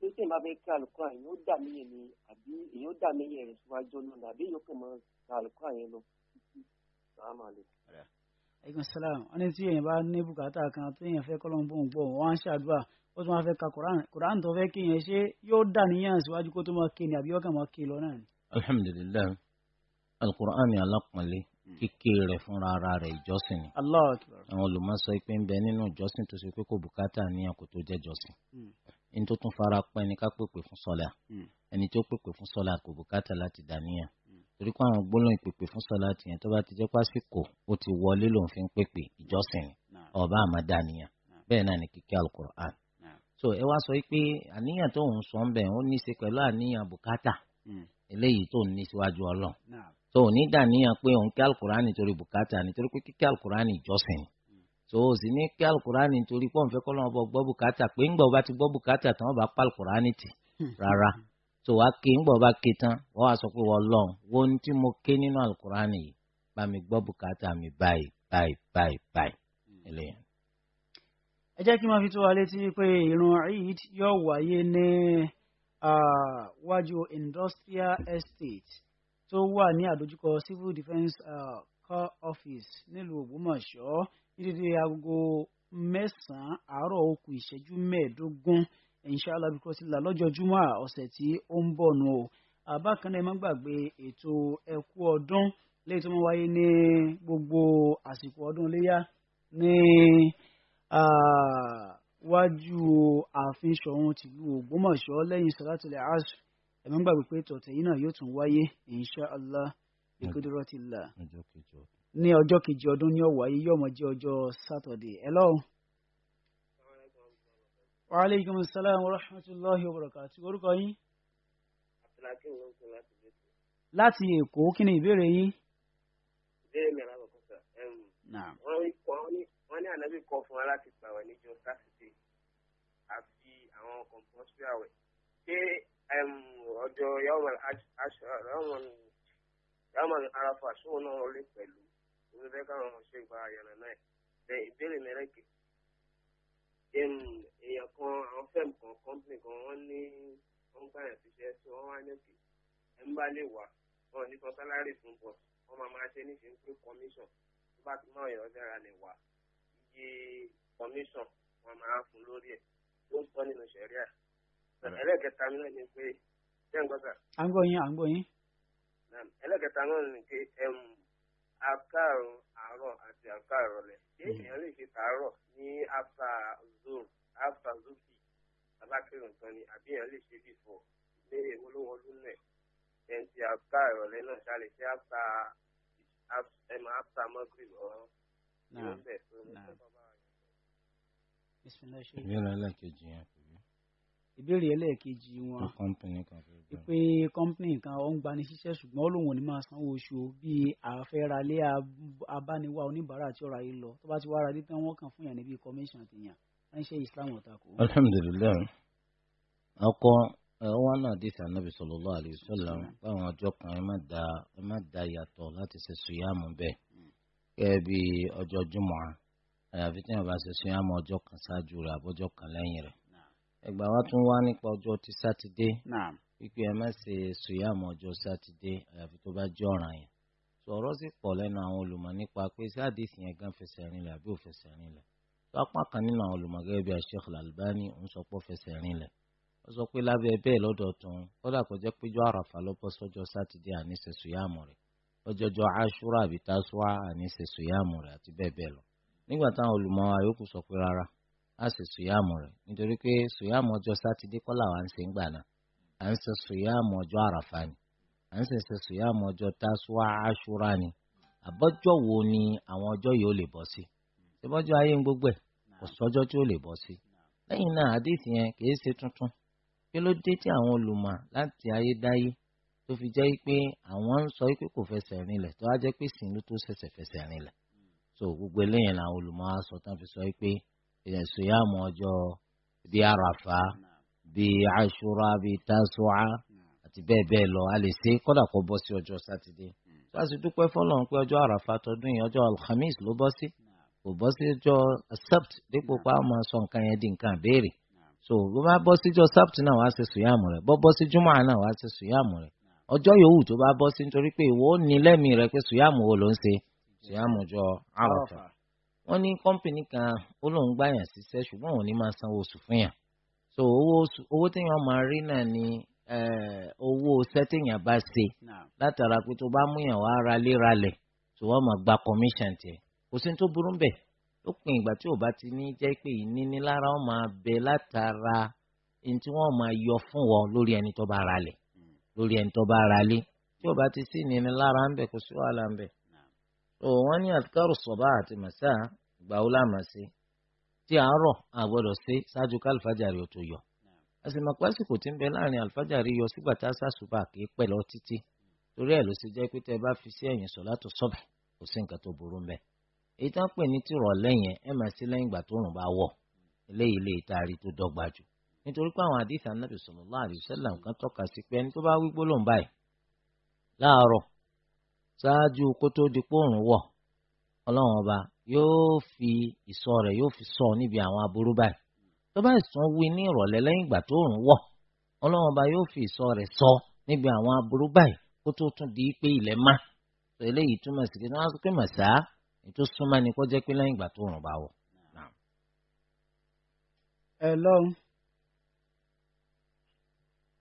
pé tí èèyàn bá fẹ́ ká àlùkò àyìn yóò dà níyẹn ni àbí èèyàn dà níyẹn rẹ̀ síwájú ọ̀nà ni àbí èèyàn kàn máa ka àlùkò àyìn lọ títí sàmà lè. aleykum salaam wọn ní tí èèyàn bá ní bùkátà kan tí èèyàn fẹ́ kọ́lọ́n bò ń gbọ́ wọn á ṣàdúrà ó tún máa fẹ́ ka koran tó fẹ́ kéèyàn ṣe yóò dà níyẹn síwájú kó tó máa ké ni àbí yóò kàn máa ké lọ náà ni. alhamdulilayi alukur'ani hmm. rẹ̀ fúnra ara rẹ̀ ìjọsìn ni. àwọn olùmọ̀ sọ pé ń bẹ nínú ìjọsìn tó ṣe pé kò bùkátà níyàn kó jẹ́ jọsìn. Hmm ní tó tún fara pẹ́ ni ká pèpè fún sọ́lá hmm. ẹni tó pèpè fún sọ́lá kò bùkátà láti dàníyàn hmm. torí pé àwọn gbólóhùn ìpèpè fún sọ́lá tìyẹn tó bá ti jẹ́ pásíkò ó ti wọlé lòun fi ń pèpè ìjọsìn ọba àmọ́ dàníyàn bẹ́ẹ̀ náà ni kíkẹ́ alukur'an so ẹ wá sọ pé àníyàn tó ń sọ ń bẹ̀ ó ní í ṣe pẹ̀lú àníyàn bùkátà hmm. eléyìí tó ní síwájú ọlọ́run tó ní dàníyàn pé òun kí alukur'an nítorí bùkátà nítorí pé kíkẹ́ alukur'an ìjọsìn so o sì ní kí alukurani nítorí pọ́n fẹ́ kọ́ lọ́wọ́ gbọ́ bùkátà pé ńgbà ọba ti gbọ́ bùkátà tán ọba pa alukurani tì hmm. rárá so wàá ké ńgbà ọba ké tán wọ́n wá sọ pé wọ́n lọ́n wo ní tí mo ké nínú alukurani yìí bá mi gbọ́ bùkátà mi báyìí báyìí báyìí báyìí hmm. eléyàn. ẹ jẹ́ kí n máa fi tó wa létí pé ìrun eid yóò wáyé ní wájú industrial estate tó wà ní àdójúkọ civil defence uh, corps office nílùú Ògbómọ̀ṣọ́ dídí aago mẹ́sàn-án àárọ̀ ó ìṣẹ́jú mẹ́ẹ̀ẹ́dógún inshallah bíkọ́sí là lọ́jọ́ júmọ́ ọ̀sẹ̀ tí ó ń bọ̀ nù o bákan ẹ má gbàgbé ètò ẹ̀kú ọdún léyìí tó máa wáyé ní gbogbo àsìkò ọdún iléyà ní wájú ààfin tìlú ògbómọ̀ṣọ́ lẹ́yìn sọ́látìlẹ̀ asr ẹ má gbàgbé pé tọ̀tẹ̀ náà yóò tún wáyé inshallah bíkọ́dúrọ́tìlà. ọjọ́ kejì ọdún ní ọjọ́ kejì ọdún ní ọ̀wọ̀ ayé yóò mọ̀ jẹ́ ọjọ́ sátọ̀dẹ̀ hello. wa aleykum salaam wa rahmatulahi wa barakatu orúkọ yín. láti èkó kí ni ìbéèrè yín. ìbéèrè mi alábọ̀kọ́ sà wọ́n ní ànábì kọ́ fún wa láti gbàwẹ̀ níjọ́ sátidé àti àwọn compulsory àwẹ̀ ṣé ọjọ́ yọmọ arafa ṣóun náà lè pẹ̀lú ìwé fẹ́ káwọn ṣe gba àyànnà náà ẹ ìbéèrè mẹ́rẹ̀kì èèyàn kan àwọn fẹ́ẹ̀mù kan kọ́ńpìnì kan wọ́n ní wọ́n gbà yàn síṣẹ́ tí wọ́n wá lẹ́kì ẹ̀ ń bá lè wà wọn ò ní sọ sálárì fún bọ̀ wọ́n máa máa ṣe níṣẹ́ ń pé kọmíṣọ̀n tó bá ti mọ ọ̀yọ́ dára lè wà iye kọmíṣọ̀n wọn máa fún lórí ẹ̀ tó ń tọ́ nínú sẹ̀ríà ẹlẹ́kẹta náà ni pé ṣé ń gbọ́ sà. à ń gbọ́ yín à ń gbọ́ yín. ẹlẹ́kẹta náà ni pé afkaarun àárọ̀ àti afkaarun rọ̀lẹ́ ṣé hmm. èèyàn lè ṣe tààrọ̀ ní after zoom after zuki alákìrò nǹkan ni àbí èèyàn lè ṣe bìfọ̀ lé olówó lúnẹ̀ ẹni tí afkaarun rọ̀lẹ́ náà ṣáà lè ṣe after ẹ̀mọ after magrib ọ̀rọ̀ ìrọ̀lẹ́ tó ń bọ̀ bá wà. bísí ní ṣe ìbéèrè alákejì yẹn ìbéèrè ẹlẹ́ẹ̀kejì wọn pé kọ́ńpìnì kan ó ń gbani ṣiṣẹ́ ṣùgbọ́n ó lóun ò ní máa sanwó oṣù bí àfẹ́ralé abániwá oníbàárà tí ọ̀rọ̀ ayé lọ tó bá ti wá ara dé tán wọ́n kàn fún yàn níbi commission ti yàn ń islam ọ̀tàkù. alhamdulilayi akọ ẹwọn náà dé sí anabi sallallahu alaihi wasallam báwọn ọjọ́ kan ẹ má da ẹ da yàtọ̀ láti ṣe sùyàmù bẹ́ẹ̀ hmm. gẹ́gẹ́ bí ọjọ́ jùmọ̀ àyàfi tí wọn bá ṣe sùyàmù ọjọ́ kan ṣáájú rẹ̀ àbọjọ kan lẹ́yìn rẹ̀ ẹgbà wa tún wá nípa ọjọ́ ti sátidé wípé ẹ má ṣe sùyàmù ọjọ́ sátidé àyàfi tó bá jẹ́ ọ̀ràn yẹn sọ̀rọ̀ sì pọ̀ lẹ́nu àwọn olùmọ̀ nípa pé sáàdìsì yẹn gan fẹsẹ̀ rinlẹ̀ àbí ò fẹsẹ̀ rinlẹ̀ tó apá kan nínú àwọn olùmọ̀ gẹ́gẹ́ bí Sheikh Al-Albani ń sọ pé ó fẹsẹ̀ rinlẹ̀ ó sọ pé lábẹ́ bẹ́ẹ̀ lọ́dọ̀ tún kódà kó jẹ́ péjọ àràfà lọ́pọ̀ sọ́jọ́ sátidé àníṣe sùyàmù rẹ̀ ọjọ́jọ́ aṣúra àbí tásúà àníṣe sùyàmù rẹ̀ àti bẹ́ẹ̀ bẹ́ẹ̀ lọ nígbà táwọn olùmọ̀ àyókù sọ pé rárá á sì sùyàmù rẹ̀ nítorí pé sùyàmù ọjọ́ sátidé kọ́ làwa ń ṣe ń gbà náà à ń ṣe sùyàmù ọjọ́ àràfà ni à ń ṣe ṣe sùyàmù ọjọ́ tásùwà àṣúrà ni àbọ́jọ́ wo ni àwọn ọjọ́ yìí ó lè bọ́ sí ṣébọ́jọ́ ayé ń gbogbo ẹ̀ kò sọ́jọ́ tí ó lè bọ́ sí lẹ́yìn náà àdéhìí yẹn kìí ṣe tuntun kí ló dé tí àwọn olùmọ̀ láti ayédáyé tó fi jẹ́ pé àwọn ń sọ pé kò fẹsẹ̀ rinlẹ̀ tó wá jẹ́ pé sìn ló tó ṣẹ̀ṣẹ̀ fẹsẹ̀ rinlẹ̀ so gbogbo eléyìn làwọn olùmọ̀ á sọ tán fi sọ pé ìyàsóyàmù ọjọ́ bíi àràfà bíi àṣúra bíi tásùá àti bẹ́ẹ̀ bẹ́ẹ̀ lọ a lè ṣe kódà kó bọ́ sí ọjọ́ sátidé láti dúpẹ́ fọlọ́run pé ọjọ́ àràfà tọdún yìí ọjọ́ alhamis ló bọ́ sí kò bọ́ sí ọjọ́ sabt dípò pa á máa sọ nǹkan yẹn di nǹkan àbẹ́ẹ̀rẹ̀ so bó bá bọ́ síjọ́ sabt náà wàá ṣe sùyàmù rẹ̀ bọ́ bọ́ sí júmọ̀ náà wàá ṣe sùyàmù rẹ̀ ọjọ́ yòówù tó bá bọ́ sí nítorí pé ìwọ ò ní lẹ́mìí rẹ pé sùyàmù wo ló ń ṣe sùyàmù ọjọ́ àràfà wọ́n ní kọ́mpìnì kan ó lóun gbàyàn síṣẹ́ ṣùgbọ́n òun ní máa sanwó oṣù fún yàn so owó téèyàn máa rí náà ni eh, owó sẹ́tẹ̀yàn bá ṣe látara pé tó bá múyàn wá ara léra lẹ̀ tó wọ́n máa gba commission tiẹ̀ kò sí tó burú bẹ̀ lópin ìgbà tí ò bá ti ní jẹ́ pé ìníní lára wọn máa bẹ látara ní tí wọ́n máa yọ fún wọn lórí ẹni tó bá ara lẹ̀ hmm. lórí ẹni tó bá ara lé tí ò bá ti sí ìníní lára ń bẹ̀ kò sí wàhálà ń bẹ̀ wọ́n ní àtikárò sọ̀bá àti màsá gbàù lámàṣe tí àárọ̀ àgbọ̀dọ̀ ṣe ṣáájú kálífàjárì ò tó yọ. àsìmọ̀pẹ́ àsìkò tí ń bẹ láàrin àlùfàjárì yọ sígbà tá a ṣàṣùbà kì í pẹ̀ lọ títí torí ẹ̀ ló ṣe jẹ́ pé tẹ́ bá fi sí ẹ̀yìn sọ̀ látò sọ́bà kò sí nǹkan tó burú mbẹ́. èyí tá ń pè ní tìrọ̀ lẹ́yìn ẹ̀ máa ṣe lẹ́yìn ìgbà tó rùn bá wọ̀ eléyìí lè taari ṣáájú kó tó di pòrùn wọ̀ ọlọ́run ọba yóò fi ìsọ rẹ̀ yóò fi sọ níbi àwọn aburú báyìí tó bá sùn wí ní ìrọ̀lẹ́ lẹ́yìn ìgbà tó rùn wọ̀ ọlọ́run ọba yóò fi ìsọ rẹ̀ sọ níbi àwọn aburú báyìí kó tó tún di pé ilẹ̀ má tó eléyìí túmọ̀ sí kíkọ́ wọ́n sọ pé màsá ètò súnmọ́ ni kó jẹ́ pé lẹ́yìn ìgbà tó rùn bá wọ̀. ẹ lọ́run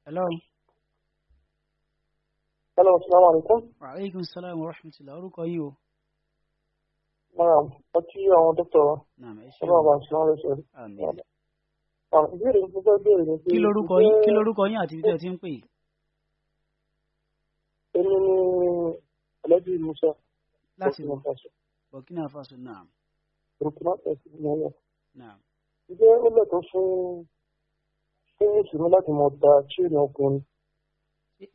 ẹ lọ́run. Hello, assalamu alaikum. Wa alaikum salam wa rahmatullahi orúkọ yìí o. Máa ọtí àwọn dókítà wa. Ọlọ́run bá ṣe wọ́n lè sọ. Ìbéèrè mi fẹ́ béèrè ni pé. Kí lorúkọ yín kí lorúkọ yín àti ibi tí ẹ ti ń pè? Èmi ni Alhaji Musa. Láti Burkina Faso náà. Burkina Faso náà. Ǹjẹ́ ó lẹ̀tọ́ fún fún Mùsùlùmí láti mọ̀ ta ṣé ìrìn ọkùnrin?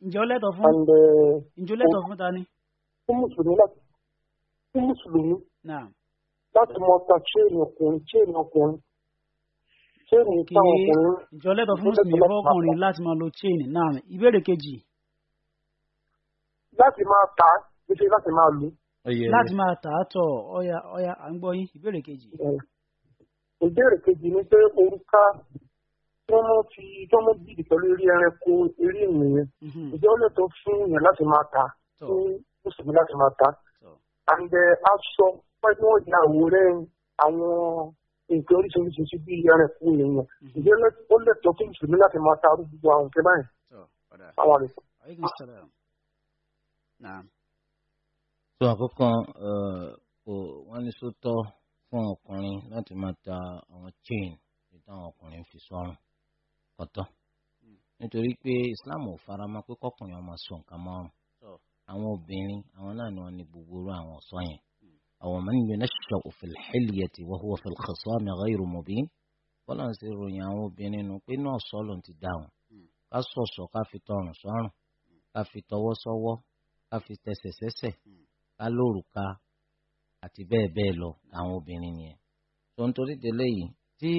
ǹjẹ́ ó lẹ́tọ̀ fún uh, ǹjẹ́ ó lẹ́tọ̀ fún ta ni. fún mùsùlùmí láti fún mùsùlùmí láti mọ ta chain ọkùnrin chain ọkùnrin chain táwọn ọkùnrin. ǹjẹ́ ó lẹ́tọ̀ fún mùsùlùmí fọkùnrin láti máa lo chain náà ìbéèrè kejì. láti máa ta gbèsè láti máa lu. láti máa tà á tọ̀ ọ̀ya ọ̀ya à ń gbọ́ yín ìbéèrè kejì. ìbéèrè kejì ni pé orúkà wọ́n mú fi wọ́n mú bíìdì pẹ̀lú eré ẹranko eré ènìyàn mhm. ìjọ lè tó fún yàn láti máa ta fún mùsùlùmí láti máa ta and eh, aṣọ pẹ́ẹ́ni wọ́n ya àwòrán àwọn nǹkan oríṣiríṣi bíi ẹranko ènìyàn mhm. ìjọ ó lè tó fún mùsùlùmí láti máa ta arúgbó àwọn nǹkan báyìí. sọ àkọ́kọ́ eh, wọ́n ní sọ́tọ̀ fún ọkùnrin láti máa ta àwọn chain ìtàn ọkùnrin fi sọ́run kọ̀tọ́ hmm. nítorí pé islam ò faramọ́ pé kọkùnrin ọmọ sọ nǹkan márùn àwọn obìnrin àwọn náà ni wọn ní gbogbo orú àwọn ọ̀sọ́ yẹn hmm. àwọn ọmọ nìyẹn náà ṣiṣẹ́ òfin xìlìyẹtì wọ́hùn òfin xẹsọ́ àmì ọ̀rọ̀ ìrùmọ̀ bí bọ́lá ń ṣe ròyìn àwọn obìnrin nu pé náà sọ ló ti dà wọn hmm. ká sọ̀sọ̀ ká fi tọrùn sọ́rùn ká fi tọwọ́ sọ́wọ́ ká fi tẹsẹ̀ sẹ́sẹ̀ ká lóòrùka àti bẹ́ẹ̀ bẹ́ẹ̀ lọ àwọn obìnrin nìyẹn tó ń torí délé yìí tí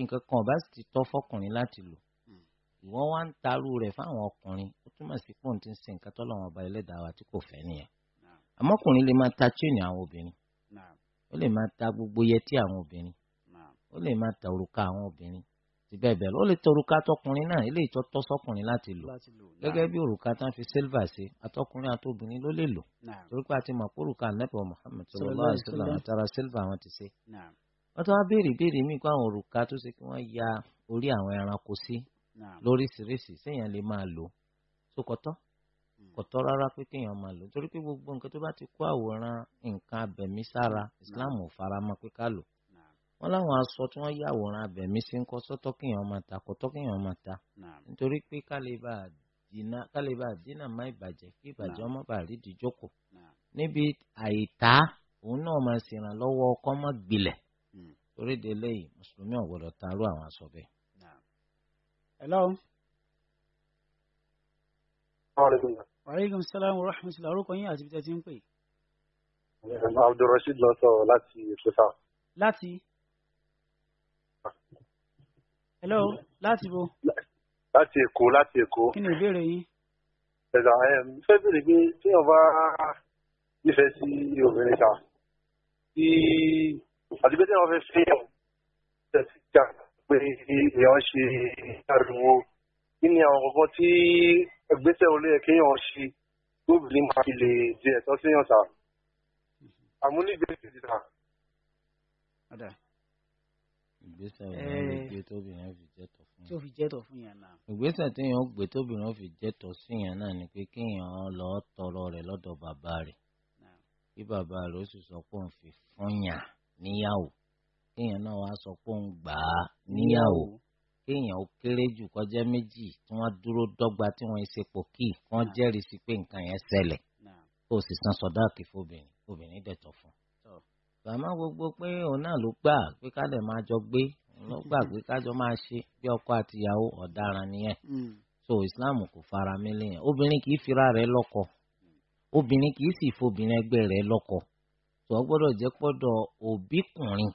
nǹkan kan ọba sì ti tọ́ fọkùnrin láti lò hmm. ìwọ́n wá ń taru rẹ̀ fáwọn ọkùnrin ó túmọ̀ sí pọ́ùn tí ń sin nǹkan tọ́lọ́ wọn ọba ẹlẹ́dàá wa tí kò fẹ́ nìyẹn àmọ́ ọkùnrin lè máa ta chain àwọn obìnrin ó lè máa ta gbogbo yẹtí àwọn obìnrin ó lè máa ta òrùka àwọn obìnrin ti bẹ́ẹ̀ bẹ́ẹ̀ lọ ó lè ta òrùka tọkùnrin náà eléyìí tó tọ́ sọkùnrin láti lò gẹ́gẹ́ bí òrùka tá fi silver ṣe àtọkùnrin àtobìnrin ló lè lò torí pé a mọ̀ pé òrùka anẹ́pọ̀ Muhammad sallallahu alaihi wasallam àtàrà silver wọ́n tún wá béèrè béèrè míì pé àwọn òrùka tó ṣe kí wọ́n ya orí àwọn ẹranko sí lóríṣiríṣi séèyàn lè máa lò sókòtọ́ hmm. kòtọ́ rárá pé kéèyàn máa lò torí pé gbogbo nǹkan tó bá ti kó àwòrán nǹkan abẹ̀mí sára Islam ò fara mọ́ pé ká lò wọ́n láwọn aṣọ tí wọ́n yá àwòrán abẹ̀mí sí ń kọ́ sọ́tọ́ kéèyàn máa ta kòtọ́ kéèyàn máa ta nítorí pé kálíbà dínà dínà má ìbàjẹ́ kí ìbàjẹ́ ọmọ bàá rí ìdíjókòó níbi àìtá òun náà máa ṣèrànlọ́wọ́ ọkọ́ mọ́ gbilẹ̀ torí de léyìí mùsùlùmí ò gbọdọ̀ taarú àwọn aṣọ bẹ́ẹ̀. hello. waaleykum salaam wa rahmatulah orúkọ yín àti ibi tẹ́ ti ń pè. abdulrasheed lọ sọ láti ìfẹ́fà. láti. hello láti bo. láti èkó láti èkó. kí ni ìbéèrè yín. ẹ̀dà fẹ́ bèrè pé téèyàn bá nífẹ̀ẹ́ sí obìnrin ta tí àdìgbẹ́tẹ̀ wọn fẹ́ fi hàn tẹ̀sí ká pé èèyàn ṣe àdùnwó kí ni àwọn kankan tí ẹgbẹ́sẹ̀ olè kéèyàn ṣe lóbìnrin máa fi lè di ẹ̀tọ́ sí yàn sá àmúnigbèsè ti sá. ìgbésẹ̀ wo ni gbé tóbìnrin fi jẹ́tọ̀ fún yàn. tó fi jẹ́tọ̀ fún yàn náà. ìgbésẹ̀ téèyàn gbé tóbìnrin fi jẹ́tọ̀ sí yàn náà ni pé kéèyàn lọ tọrọ rẹ̀ lọ́dọ̀ bàbá rẹ̀ kí bàbá rẹ̀ ó sì sọ pé òun fi fún yàn níyàwó kéèyàn náà wá sọ pé òun gbà á níyàwó kéèyàn ó kéré jù kọjá méjì tí wọ́n dúró dọ́gba tí wọ́n ṣe pò kí wọ́n jẹ́rìí sí pé nǹkan yẹn ṣẹlẹ̀ kó o sì san sọdáàkì fóbìnrin obìnrin dẹ̀tọ̀ fún bàmá gbogbo pé òun náà ló gbà pé ká lè máa jọ gbé ló gbà pé ká máa ṣe bí ọkọ àtìyàwó ọ̀daràn nìyẹn mm. so islam kò fara mi lẹ́yìn obìnrin kì í fira rẹ̀ lọ́kọ mm. obìnrin kì í sì fobìnrin ẹgbẹ́ rẹ̀ lọ́kọ tó o gbọ́dọ̀ jẹ́ pọ́dọ̀ òbíkùnrin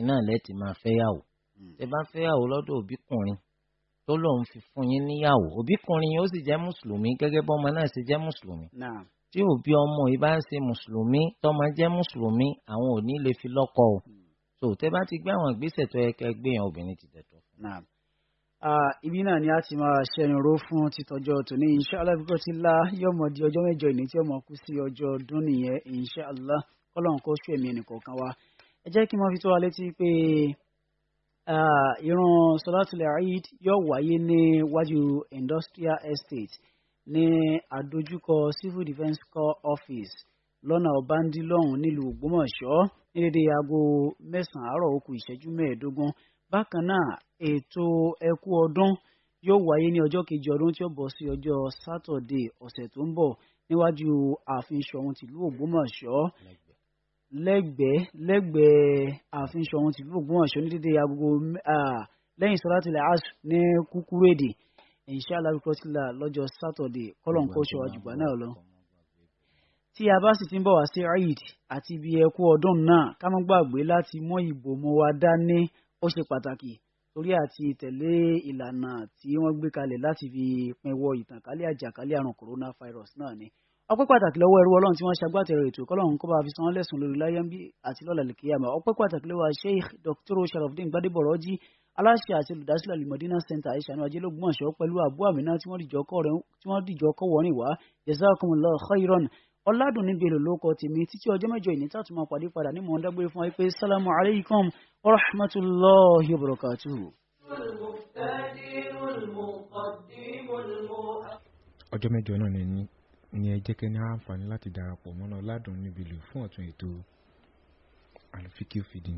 iná lẹ́tì máa fẹ́yàwó hmm. tẹ bá fẹ́yàwó lọ́dọ̀ òbíkùnrin tó lọ́n fi fún yín níyàwó òbíkùnrin yóò sì jẹ́ mùsùlùmí gẹ́gẹ́ bọ́mọ náà ṣe jẹ́ mùsùlùmí tí òbí ọmọ yìí bá ń ṣe mùsùlùmí tọ́mọ jẹ́ mùsùlùmí àwọn ò ní lè fi lọ́kọ o tó hmm. tẹ bá ti gbé àwọn ìgbésẹ̀ tó yẹ kẹ́ gbé yẹn obìnrin ti dẹ̀ tó. ibi náà ni a ti máa ṣẹyìn ró fún títọjọ tòní inṣàlá bí kò ti la yọmọ di ọjọ́ ìní tí ọmọ kú sí ọjọ́ ọdún nìyẹn inṣàlá kọ́lọ́run kó ṣú ẹ̀mí ẹnìkọ̀ọ̀kan wa ẹ jẹ́ kí n máa fi tó wa létí pé ìran sọlátìlẹ̀ Eid yóò wáyé ní wájú industrial estate ní àdójúkọ civil defence corps office lọ́nà ọ̀bándílọ́hún nílùú Ògbómọ̀ṣọ́ ní dédé aago mẹ́sàn-án àárọ̀ ó kù ìṣẹ́jú mẹ́ẹ̀ẹ́dógún bákan náà ètò ẹkú ọdún yóò wáyé ní ọjọ́ kejì ọdún tí ó bọ̀ sí ọjọ́ sátọ̀dé ọ̀sẹ̀ tó ń bọ̀ níwájú ààfin Ṣọ̀ún tìlú Ògbómọ̀ṣọ́ lẹ́gbẹ̀ẹ́ lẹ́gbẹ̀ẹ́ ààfin ṣọ̀ún tìlú Ògbómọ̀ṣọ́ ní dédé agogo lẹ́yìn sọ́lá tilẹ̀ ash ní kúkúrú èdè insha Allah kọ́sílà lọ́jọ́ sátọ̀dẹ̀ kọ́lọ̀ nǹkan oṣù àjùgbà náà lọ. tí a bá sì ti ń bọ̀ wá sí Eid àti ibi ẹ̀kú ọdún náà ká má gbàgbé láti mọ ìbòmọ wa dání ó ṣe pàtàkì torí àti tẹ̀lé ìlànà tí wọ́n gbé kalẹ̀ láti fi pinwọ́ ìtànkálẹ̀ àjàkálẹ̀ àrùn coronavirus náà ni ọpẹ́ pàtàkì lọ́wọ́ ẹrú ọlọ́run tí wọ́n ṣagbátẹrù ètò kọ́lọ́run kó bá fi san lẹ́sùn lórí láyé bí àti lọ́la lè kíyàmá ọpẹ́ pàtàkì lọ́wọ́ sheikh dr sharafdin gbadebo rọ́jí aláṣẹ àti olùdásílẹ̀ limodina center ìṣànú ajé lógúnmọ̀ṣọ́ pẹ̀lú àbú àmìná tí wọ́n dìjọ́ kọ́ wọ́rin wá jazakumullahu khairan ọ̀làdùnní bèlò ló kọ tèmi títí ọjọ́ mẹ́jọ ìní tààtù máa pàdé padà ní mọ̀ọ́dágbére fún wa pé sálámù alaykum rahmatulahi wa ọjọ́ mẹ́jọ náà ni ni ẹ jẹ́ kẹ́ ní àǹfààní láti darapọ̀ mọ́nà ládùn níbi ìlú fún ọ̀tún ètò àlùfíkì òfìdí.